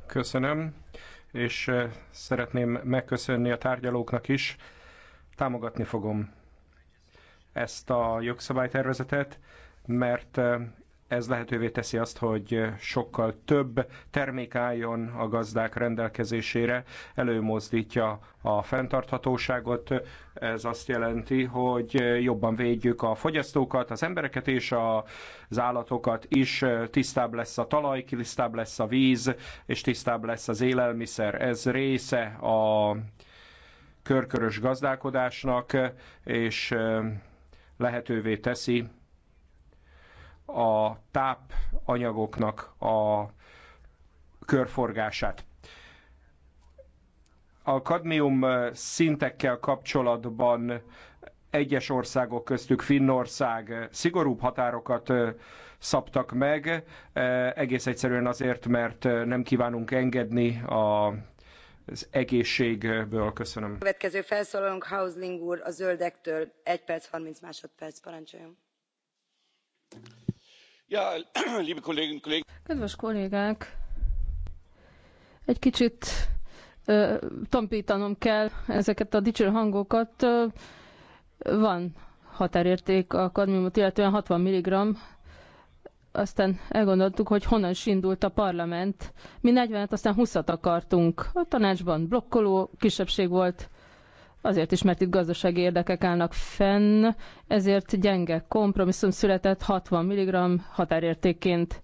Köszönöm, és szeretném megköszönni a tárgyalóknak is. Támogatni fogom ezt a jogszabálytervezetet, mert ez lehetővé teszi azt, hogy sokkal több termék álljon a gazdák rendelkezésére, előmozdítja a fenntarthatóságot. Ez azt jelenti, hogy jobban védjük a fogyasztókat, az embereket és az állatokat is. Tisztább lesz a talaj, tisztább lesz a víz, és tisztább lesz az élelmiszer. Ez része a körkörös gazdálkodásnak, és lehetővé teszi a tápanyagoknak a körforgását. A kadmium szintekkel kapcsolatban egyes országok köztük Finnország szigorúbb határokat szabtak meg, egész egyszerűen azért, mert nem kívánunk engedni a az egészségből. Köszönöm. Következő felszólalónk Hausling úr a zöldektől. 1 perc, 30 másodperc, parancsoljon Kedves kollégák, egy kicsit ö, tompítanom kell ezeket a dicső hangokat. Ö, van határérték a kadmiumot, illetően 60 mg. Aztán elgondoltuk, hogy honnan is indult a parlament. Mi 40-et, aztán 20-at akartunk. A tanácsban blokkoló kisebbség volt azért is, mert itt gazdasági érdekek állnak fenn, ezért gyenge kompromisszum született 60 mg határértékként.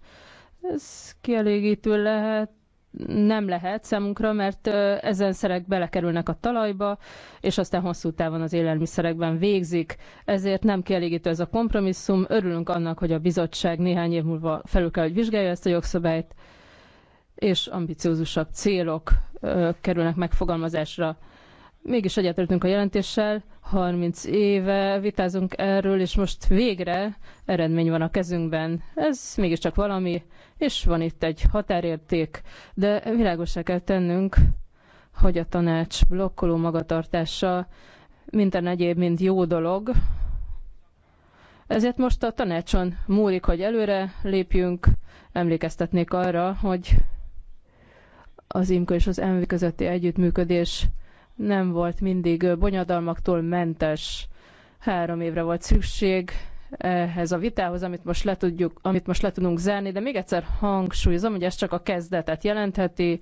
Ez kielégítő lehet, nem lehet számunkra, mert ezen szerek belekerülnek a talajba, és aztán hosszú távon az élelmiszerekben végzik. Ezért nem kielégítő ez a kompromisszum. Örülünk annak, hogy a bizottság néhány év múlva felül kell, hogy vizsgálja ezt a jogszabályt, és ambiciózusabb célok kerülnek megfogalmazásra. Mégis egyetértünk a jelentéssel, 30 éve vitázunk erről, és most végre eredmény van a kezünkben. Ez mégiscsak valami, és van itt egy határérték, de világosá kell tennünk, hogy a tanács blokkoló magatartása minden egyéb, mint jó dolog. Ezért most a tanácson múlik, hogy előre lépjünk. Emlékeztetnék arra, hogy az IMKO és az MV közötti együttműködés nem volt mindig bonyodalmaktól mentes. Három évre volt szükség ehhez a vitához, amit most le, tudjuk, amit most le tudunk zárni, de még egyszer hangsúlyozom, hogy ez csak a kezdetet jelentheti.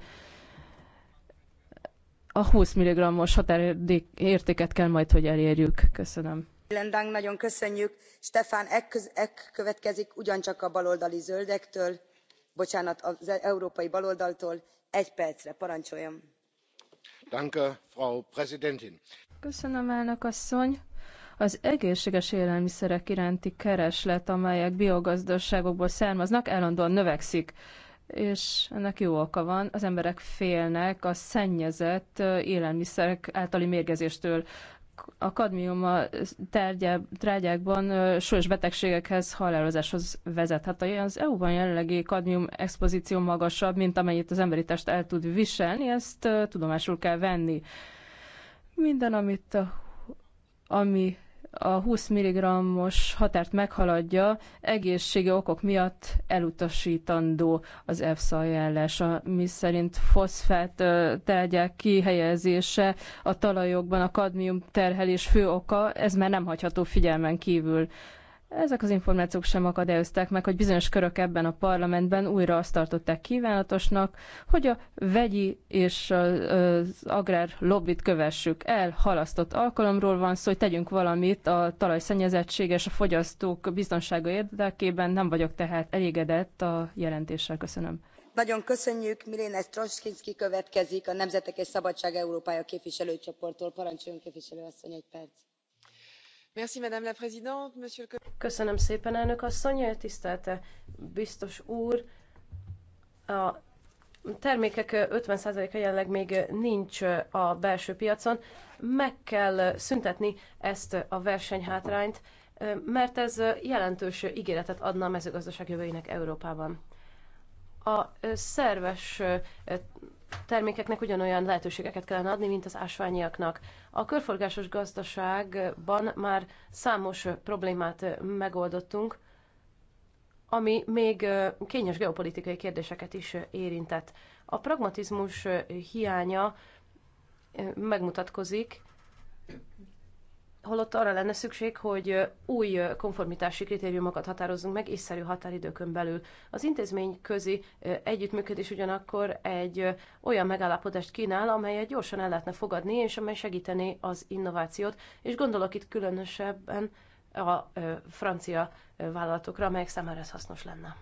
A 20 mg-os határértéket kell majd, hogy elérjük. Köszönöm. Lendang, nagyon köszönjük. Stefán Ek, következik ugyancsak a baloldali zöldektől, bocsánat, az európai baloldaltól. Egy percre, parancsoljam. Köszönöm, asszony! Az egészséges élelmiszerek iránti kereslet, amelyek biogazdaságokból származnak, állandóan növekszik és ennek jó oka van. Az emberek félnek a szennyezett élelmiszerek általi mérgezéstől a kadmium a tárgyá, trágyákban súlyos betegségekhez, halálozáshoz vezethet. Az EU-ban jelenlegi kadmium expozíció magasabb, mint amennyit az emberi test el tud viselni, ezt tudomásul kell venni. Minden, amit a, ami a 20 mg-os határt meghaladja, egészségi okok miatt elutasítandó az EFSA ajánlása, mi szerint foszfát tárgyák kihelyezése a talajokban a kadmium terhelés fő oka, ez már nem hagyható figyelmen kívül. Ezek az információk sem akadályozták meg, hogy bizonyos körök ebben a parlamentben újra azt tartották kívánatosnak, hogy a vegyi és az agrár lobbit kövessük el. Halasztott alkalomról van szó, hogy tegyünk valamit a talajszennyezettség és a fogyasztók biztonsága érdekében. Nem vagyok tehát elégedett a jelentéssel. Köszönöm. Nagyon köszönjük. Miléne Stroskinski következik a Nemzetek és Szabadság Európája képviselőcsoporttól. Parancsoljon képviselő asszony egy perc Köszönöm szépen, elnök asszony, eh, tisztelte biztos úr. A termékek 50%-a eh, jelenleg még eh, nincs a belső piacon. Meg kell szüntetni ezt a versenyhátrányt, mert ez jelentős ígéretet adna a mezőgazdaság jövőjének Európában. A szerves termékeknek ugyanolyan lehetőségeket kellene adni, mint az ásványiaknak. A körforgásos gazdaságban már számos problémát megoldottunk, ami még kényes geopolitikai kérdéseket is érintett. A pragmatizmus hiánya megmutatkozik, holott arra lenne szükség, hogy új konformitási kritériumokat határozzunk meg észszerű határidőkön belül. Az intézmény közi együttműködés ugyanakkor egy olyan megállapodást kínál, amelyet gyorsan el lehetne fogadni, és amely segítené az innovációt, és gondolok itt különösebben a francia vállalatokra, amelyek számára ez hasznos lenne.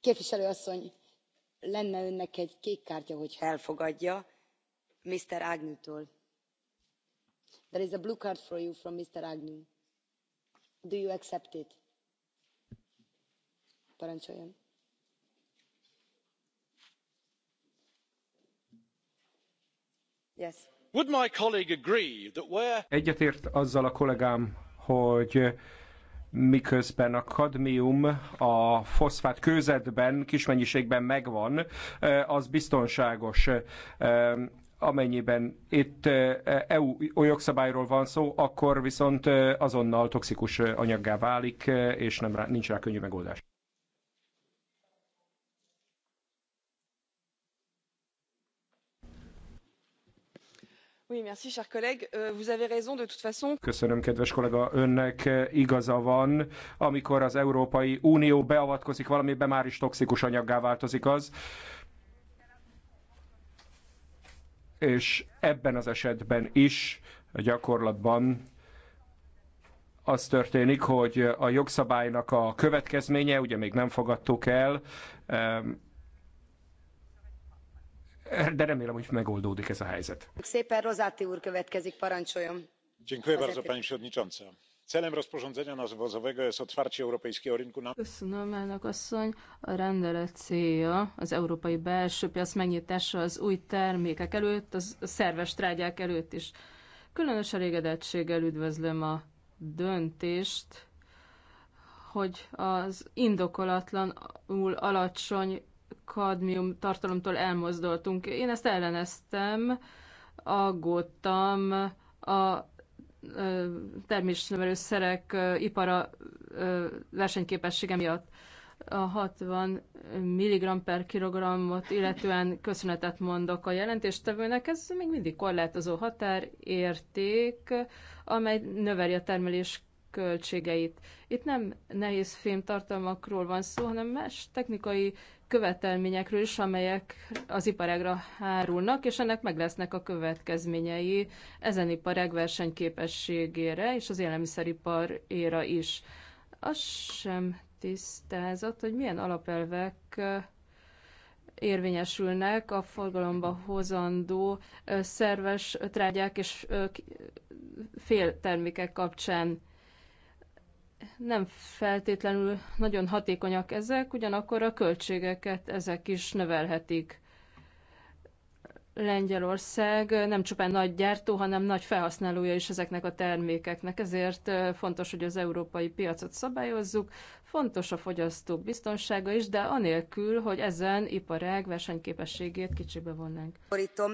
Képviselő asszony, lenne önnek egy kék kártya, hogy elfogadja Mr. Ágnútól there is a blue card for you from mr agnew. do you accept it? Egyetért azzal a kollégám, hogy miközben a kadmium a foszfát kőzetben kis mennyiségben megvan, eh, az biztonságos eh, amennyiben itt EU jogszabályról van szó, akkor viszont azonnal toxikus anyaggá válik, és nem rá, nincs rá könnyű megoldás. Euh, Köszönöm, kedves kollega, önnek igaza van. Amikor az Európai Unió beavatkozik valamibe, már is toxikus anyaggá változik az és ebben az esetben is a gyakorlatban az történik, hogy a jogszabálynak a következménye, ugye még nem fogadtuk el, de remélem, hogy megoldódik ez a helyzet. Szépen Rozáti úr következik, parancsoljon. Dziękuję bardzo, pani przewodnicząca Celem rozporządzenia nawozowego jest otwarcie europejskiego rynku na... Köszönöm, elnök asszony. A rendelet célja az európai belső piac megnyitása az új termékek előtt, a szerves trágyák előtt is. Különös elégedettséggel üdvözlöm a döntést, hogy az indokolatlanul alacsony kadmium tartalomtól elmozdultunk. Én ezt elleneztem, aggódtam a szerek ipara versenyképessége miatt a 60 mg per kilogrammot, illetően köszönetet mondok a jelentéstevőnek. Ez még mindig korlátozó határérték, amely növeli a termelés költségeit. Itt nem nehéz fémtartalmakról van szó, hanem más technikai követelményekről is, amelyek az iparágra hárulnak, és ennek meg lesznek a következményei ezen iparág versenyképességére és az élelmiszeriparéra is. Az sem tisztázott, hogy milyen alapelvek érvényesülnek a forgalomba hozandó szerves trágyák és féltermékek kapcsán nem feltétlenül nagyon hatékonyak ezek, ugyanakkor a költségeket ezek is növelhetik. Lengyelország nem csupán nagy gyártó, hanem nagy felhasználója is ezeknek a termékeknek. Ezért fontos, hogy az európai piacot szabályozzuk, fontos a fogyasztók biztonsága is, de anélkül, hogy ezen iparág versenyképességét kicsibe vonnánk. Borítom,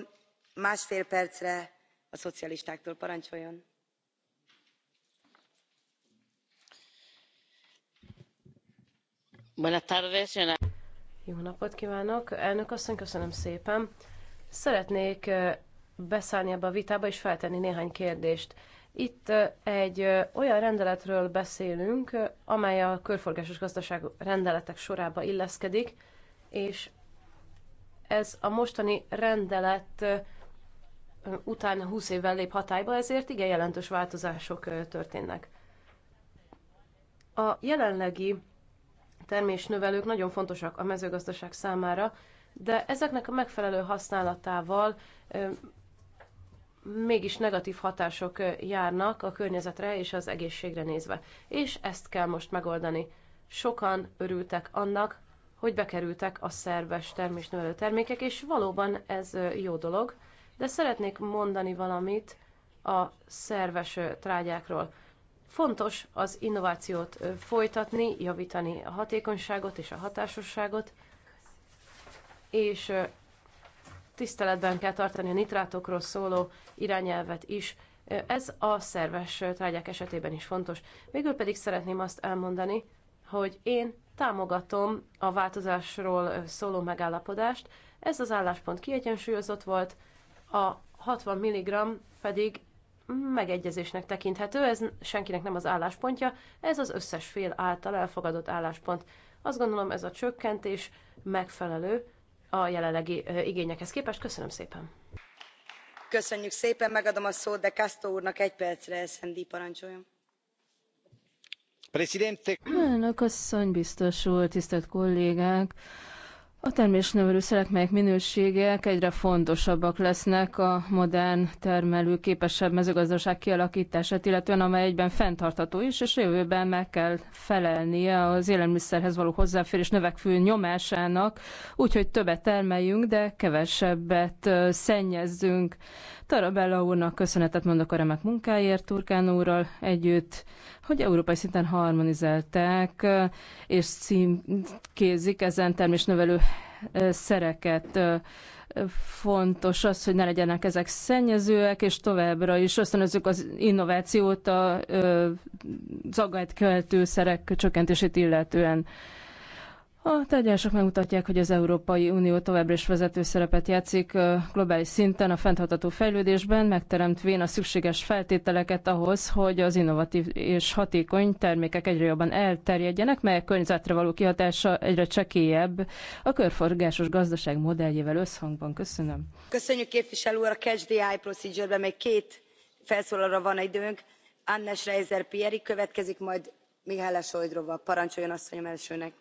másfél percre a szocialistáktól parancsoljon Jó napot kívánok! Elnök asszony, köszönöm szépen! Szeretnék beszállni ebbe a vitába és feltenni néhány kérdést. Itt egy olyan rendeletről beszélünk, amely a körforgásos gazdaság rendeletek sorába illeszkedik, és ez a mostani rendelet után 20 évvel lép hatályba, ezért igen jelentős változások történnek. A jelenlegi termésnövelők nagyon fontosak a mezőgazdaság számára, de ezeknek a megfelelő használatával mégis negatív hatások járnak a környezetre és az egészségre nézve. És ezt kell most megoldani. Sokan örültek annak, hogy bekerültek a szerves termésnövelő termékek, és valóban ez jó dolog, de szeretnék mondani valamit a szerves trágyákról. Fontos az innovációt folytatni, javítani a hatékonyságot és a hatásosságot, és tiszteletben kell tartani a nitrátokról szóló irányelvet is. Ez a szerves trágyák esetében is fontos. Végül pedig szeretném azt elmondani, hogy én támogatom a változásról szóló megállapodást. Ez az álláspont kiegyensúlyozott volt, a 60 mg pedig megegyezésnek tekinthető, ez senkinek nem az álláspontja, ez az összes fél által elfogadott álláspont. Azt gondolom ez a csökkentés megfelelő a jelenlegi igényekhez képest. Köszönöm szépen! Köszönjük szépen, megadom a szót, de Castro úrnak egy percre SND parancsoljon. Presidente. Elnök asszony, biztos úr, tisztelt kollégák! A termésnövelőszerek, melyek minőségek egyre fontosabbak lesznek a modern termelő képesebb mezőgazdaság kialakítását, illetően amely egyben fenntartható is, és a jövőben meg kell felelnie az élelmiszerhez való hozzáférés növekvő nyomásának, úgyhogy többet termeljünk, de kevesebbet szennyezzünk. Tarabella úrnak köszönetet mondok a remek munkáért, Turkán úrral együtt, hogy európai szinten harmonizálták és címkézik ezen termésnövelő szereket. Fontos az, hogy ne legyenek ezek szennyezőek, és továbbra is ösztönözzük az innovációt a zagajt keltő szerek csökkentését illetően. A tárgyalások megmutatják, hogy az Európai Unió továbbra is vezető szerepet játszik globális szinten a fenntartható fejlődésben, megteremtvén a szükséges feltételeket ahhoz, hogy az innovatív és hatékony termékek egyre jobban elterjedjenek, melyek környezetre való kihatása egyre csekélyebb a körforgásos gazdaság modelljével összhangban. Köszönöm. Köszönjük képviselő úr, a Catch the Eye procedure még két felszólalra van időnk. Anne Schreiser Pieri következik, majd Mihály Sojdrova. Parancsoljon asszonyom elsőnek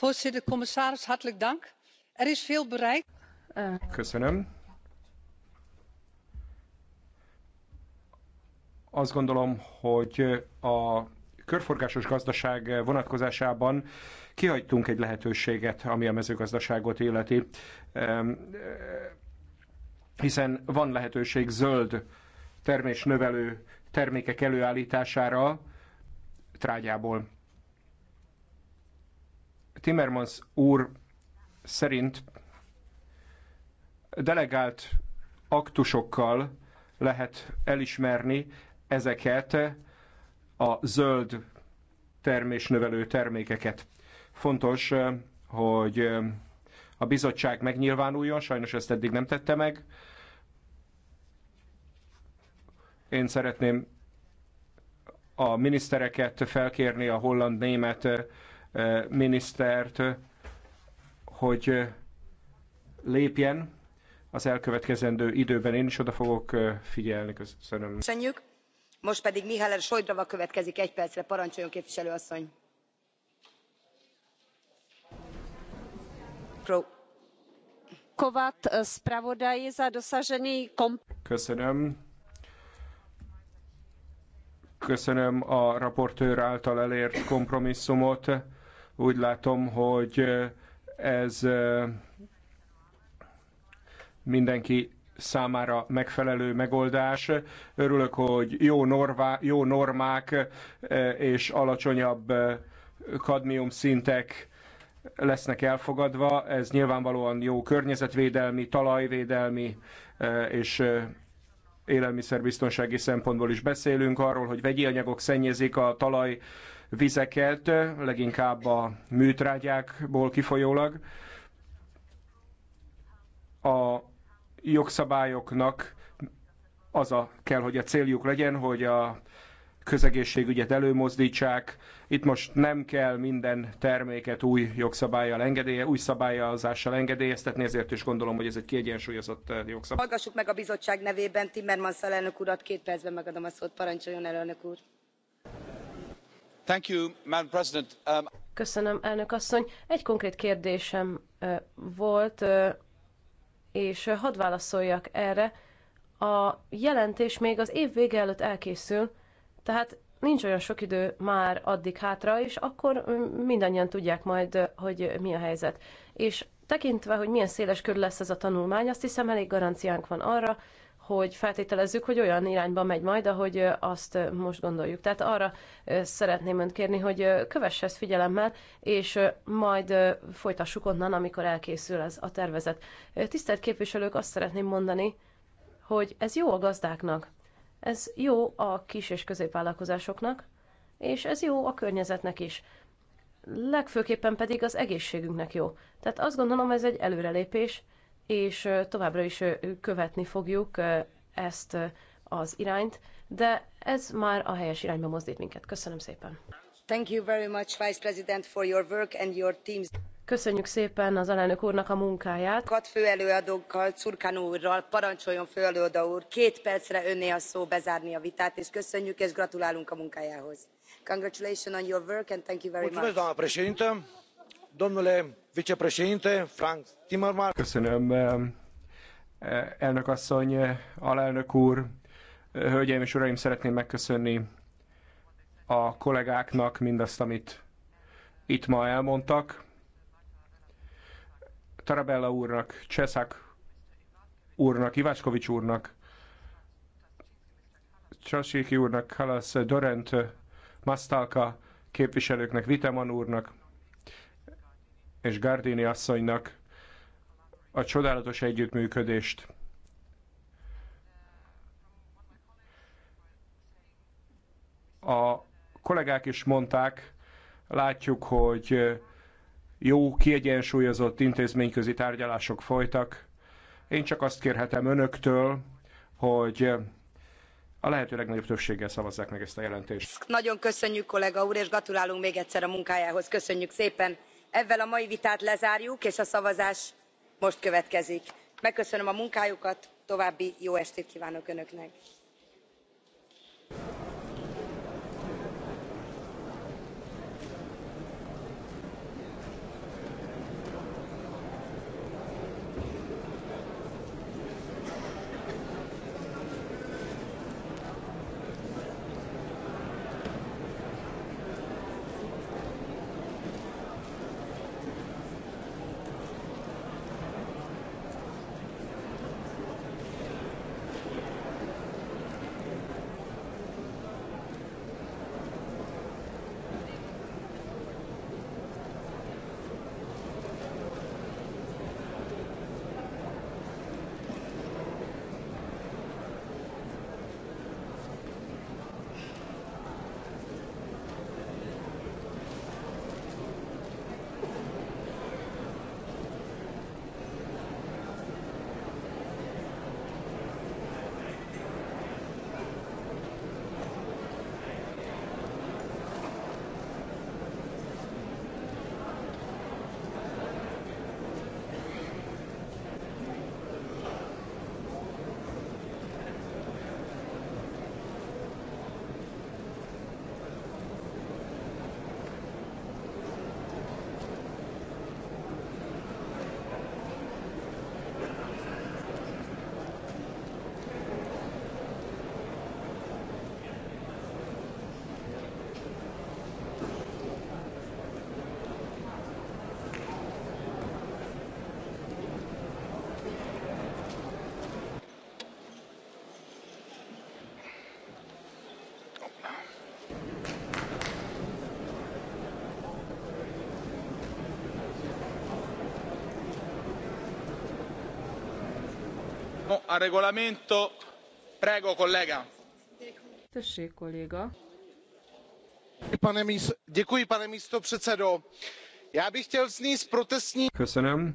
voorzitter commissaris hartelijk dank. er is veel bereikt. Eh. köszönöm. Azt gondolom, hogy a körforgásos gazdaság vonatkozásában kihagytunk egy lehetőséget, ami a mezőgazdaságot illeti, hiszen van lehetőség zöld termésnövelő termékek előállítására trágyából. Timmermans úr szerint delegált aktusokkal lehet elismerni ezeket a zöld termésnövelő termékeket. Fontos, eh, hogy eh, a bizottság megnyilvánuljon, sajnos ezt eddig nem tette meg. Én szeretném a minisztereket felkérni a holland-német eh, minisztert, hogy lépjen az elkövetkezendő időben. Én is oda fogok figyelni. Köszönöm. Köszönjük. Most pedig Mihály Sojdrova következik egy percre. Parancsoljon képviselő asszony. Pro. Eh, Köszönöm. Köszönöm a raportőr által elért kompromisszumot. Úgy látom, hogy ez mindenki számára megfelelő megoldás. Örülök, hogy jó, norvá, jó normák és alacsonyabb kadmium szintek lesznek elfogadva. Ez nyilvánvalóan jó környezetvédelmi, talajvédelmi és élelmiszerbiztonsági szempontból is beszélünk arról, hogy vegyi anyagok szennyezik a talaj vizeket, leginkább a műtrágyákból kifolyólag. A jogszabályoknak az a kell, hogy a céljuk legyen, hogy a közegészségügyet előmozdítsák. Itt most nem kell minden terméket új jogszabályjal engedélye, új szabályozással engedélyeztetni, ezért is gondolom, hogy ez egy kiegyensúlyozott eh, jogszabály. Hallgassuk meg a bizottság nevében Timmermans elnök urat, két percben megadom a szót, parancsoljon el elnök úr. Um, Köszönöm, elnök asszony. Egy konkrét kérdésem volt, és hadd válaszoljak erre. A jelentés még az év vége előtt elkészül, tehát nincs olyan sok idő már addig hátra, és akkor mindannyian tudják majd, hogy mi a helyzet. És tekintve, hogy milyen széles kör lesz ez a tanulmány, azt hiszem elég garanciánk van arra, hogy feltételezzük, hogy olyan irányba megy majd, ahogy azt most gondoljuk. Tehát arra szeretném önt kérni, hogy kövesse ezt figyelemmel, és majd folytassuk onnan, amikor elkészül ez a tervezet. Tisztelt képviselők, azt szeretném mondani, hogy ez jó a gazdáknak, ez jó a kis és középvállalkozásoknak, és ez jó a környezetnek is. Legfőképpen pedig az egészségünknek jó. Tehát azt gondolom, ez egy előrelépés, és továbbra is követni fogjuk ezt az irányt, de ez már a helyes irányba mozdít minket. Köszönöm szépen. Thank you very much, Vice President, for your work and your teams. Köszönjük szépen az alelnök úrnak a munkáját. Kat főelőadókkal, Curkan úrral, parancsoljon főelőadó úr, két percre önné a szó bezárni a vitát, és köszönjük és gratulálunk a munkájához. Congratulations on your work and thank you very much domnule vicepreședinte Frank Timmermans. Köszönöm, eh, elnök asszony, alelnök úr, hölgyeim és uraim, szeretném megköszönni a kollégáknak mindazt, amit itt ma elmondtak. Tarabella úrnak, Cseszák úrnak, Iváskovics úrnak, Csasiki úrnak, Kalasz Dorent, Mastalka képviselőknek, Viteman úrnak, és Gardini asszonynak a csodálatos együttműködést. A kollégák is mondták, látjuk, hogy jó, kiegyensúlyozott intézményközi tárgyalások folytak. Én csak azt kérhetem önöktől, hogy a lehető legnagyobb többséggel szavazzák meg ezt a jelentést. Nagyon köszönjük, kollega úr, és gratulálunk még egyszer a munkájához. Köszönjük szépen! evvel a mai vitát lezárjuk és a szavazás most következik. megköszönöm a munkájukat további jó estét kvánok önöknek. a regolamento. Prego, kollega. kolléga. Pane místo, děkuji, pane místo předsedo. Já bych chtěl vznést protestní... Köszönöm.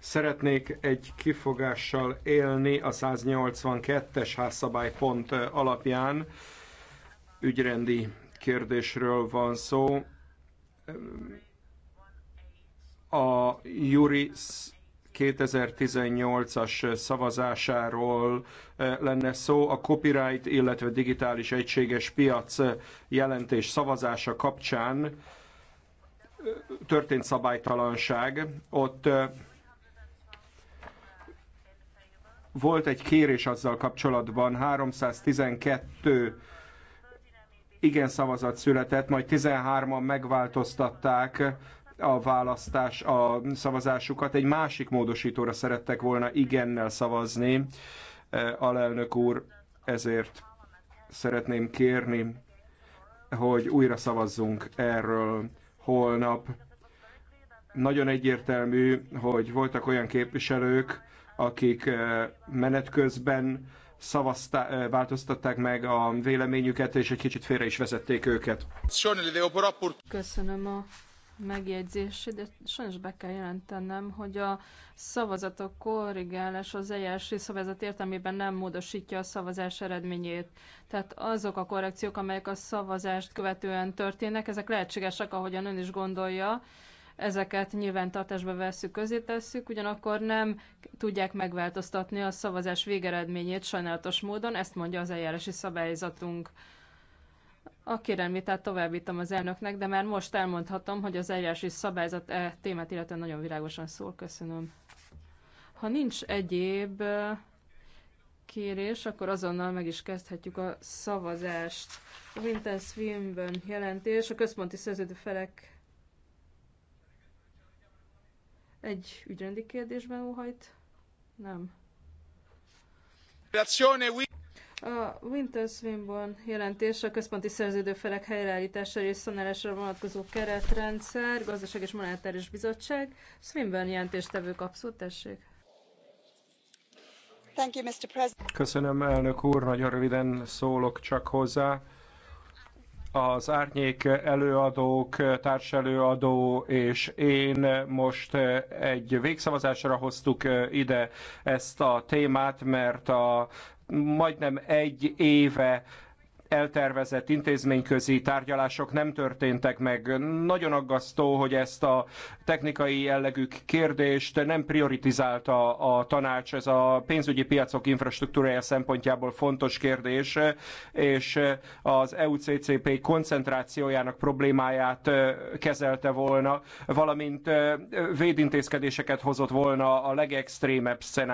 Szeretnék egy kifogással élni a 182-es házszabálypont alapján. Ügyrendi kérdésről van szó. A Juris 2018-as szavazásáról eh, lenne szó a copyright, illetve digitális egységes piac eh, jelentés szavazása kapcsán eh, történt szabálytalanság. Ott volt egy kérés azzal kapcsolatban, 312 igen szavazat született, majd 13-an megváltoztatták a választás, a szavazásukat egy másik módosítóra szerettek volna igennel szavazni. E, alelnök úr, ezért szeretném kérni, hogy újra szavazzunk erről holnap. Nagyon egyértelmű, hogy voltak olyan képviselők, akik e, menet közben szavazta, e, változtatták meg a véleményüket, és egy kicsit félre is vezették őket. Köszönöm a megjegyzését, de sajnos be kell jelentenem, hogy a szavazatok korrigálás az eljárási szavazat értelmében nem módosítja a szavazás eredményét. Tehát azok a korrekciók, amelyek a szavazást követően történnek, ezek lehetségesek, ahogyan ön is gondolja, ezeket nyilvántartásba vesszük, közé tesszük, ugyanakkor nem tudják megváltoztatni a szavazás végeredményét sajnálatos módon, ezt mondja az eljárási szabályzatunk. A kérelmét továbbítom az elnöknek, de már most elmondhatom, hogy az eljárási szabályzat e témát illetően nagyon világosan szól. Köszönöm. Ha nincs egyéb kérés, akkor azonnal meg is kezdhetjük a szavazást. A Winter Swinburne jelentés, a központi szerződő felek egy ügyrendi kérdésben óhajt? Nem. A Winter Swinburne jelentés a központi szerződőfelek helyreállítására és szanálásra vonatkozó keretrendszer, Gazdaság és Monetáris Bizottság. Swinburne jelentéstevő kapszó, tessék. Thank you, Mr. President. Köszönöm, elnök úr, nagyon röviden szólok csak hozzá az árnyék előadók, társelőadó és én most egy végszavazásra hoztuk ide ezt a témát, mert a majdnem egy éve eltervezett intézményközi tárgyalások nem történtek meg. Nagyon aggasztó, hogy ezt a technikai jellegű kérdést nem prioritizálta a tanács. Ez a pénzügyi piacok infrastruktúrája szempontjából fontos kérdés, és az EUCCP koncentrációjának problémáját kezelte volna, valamint védintézkedéseket hozott volna a legextrémebb szenárió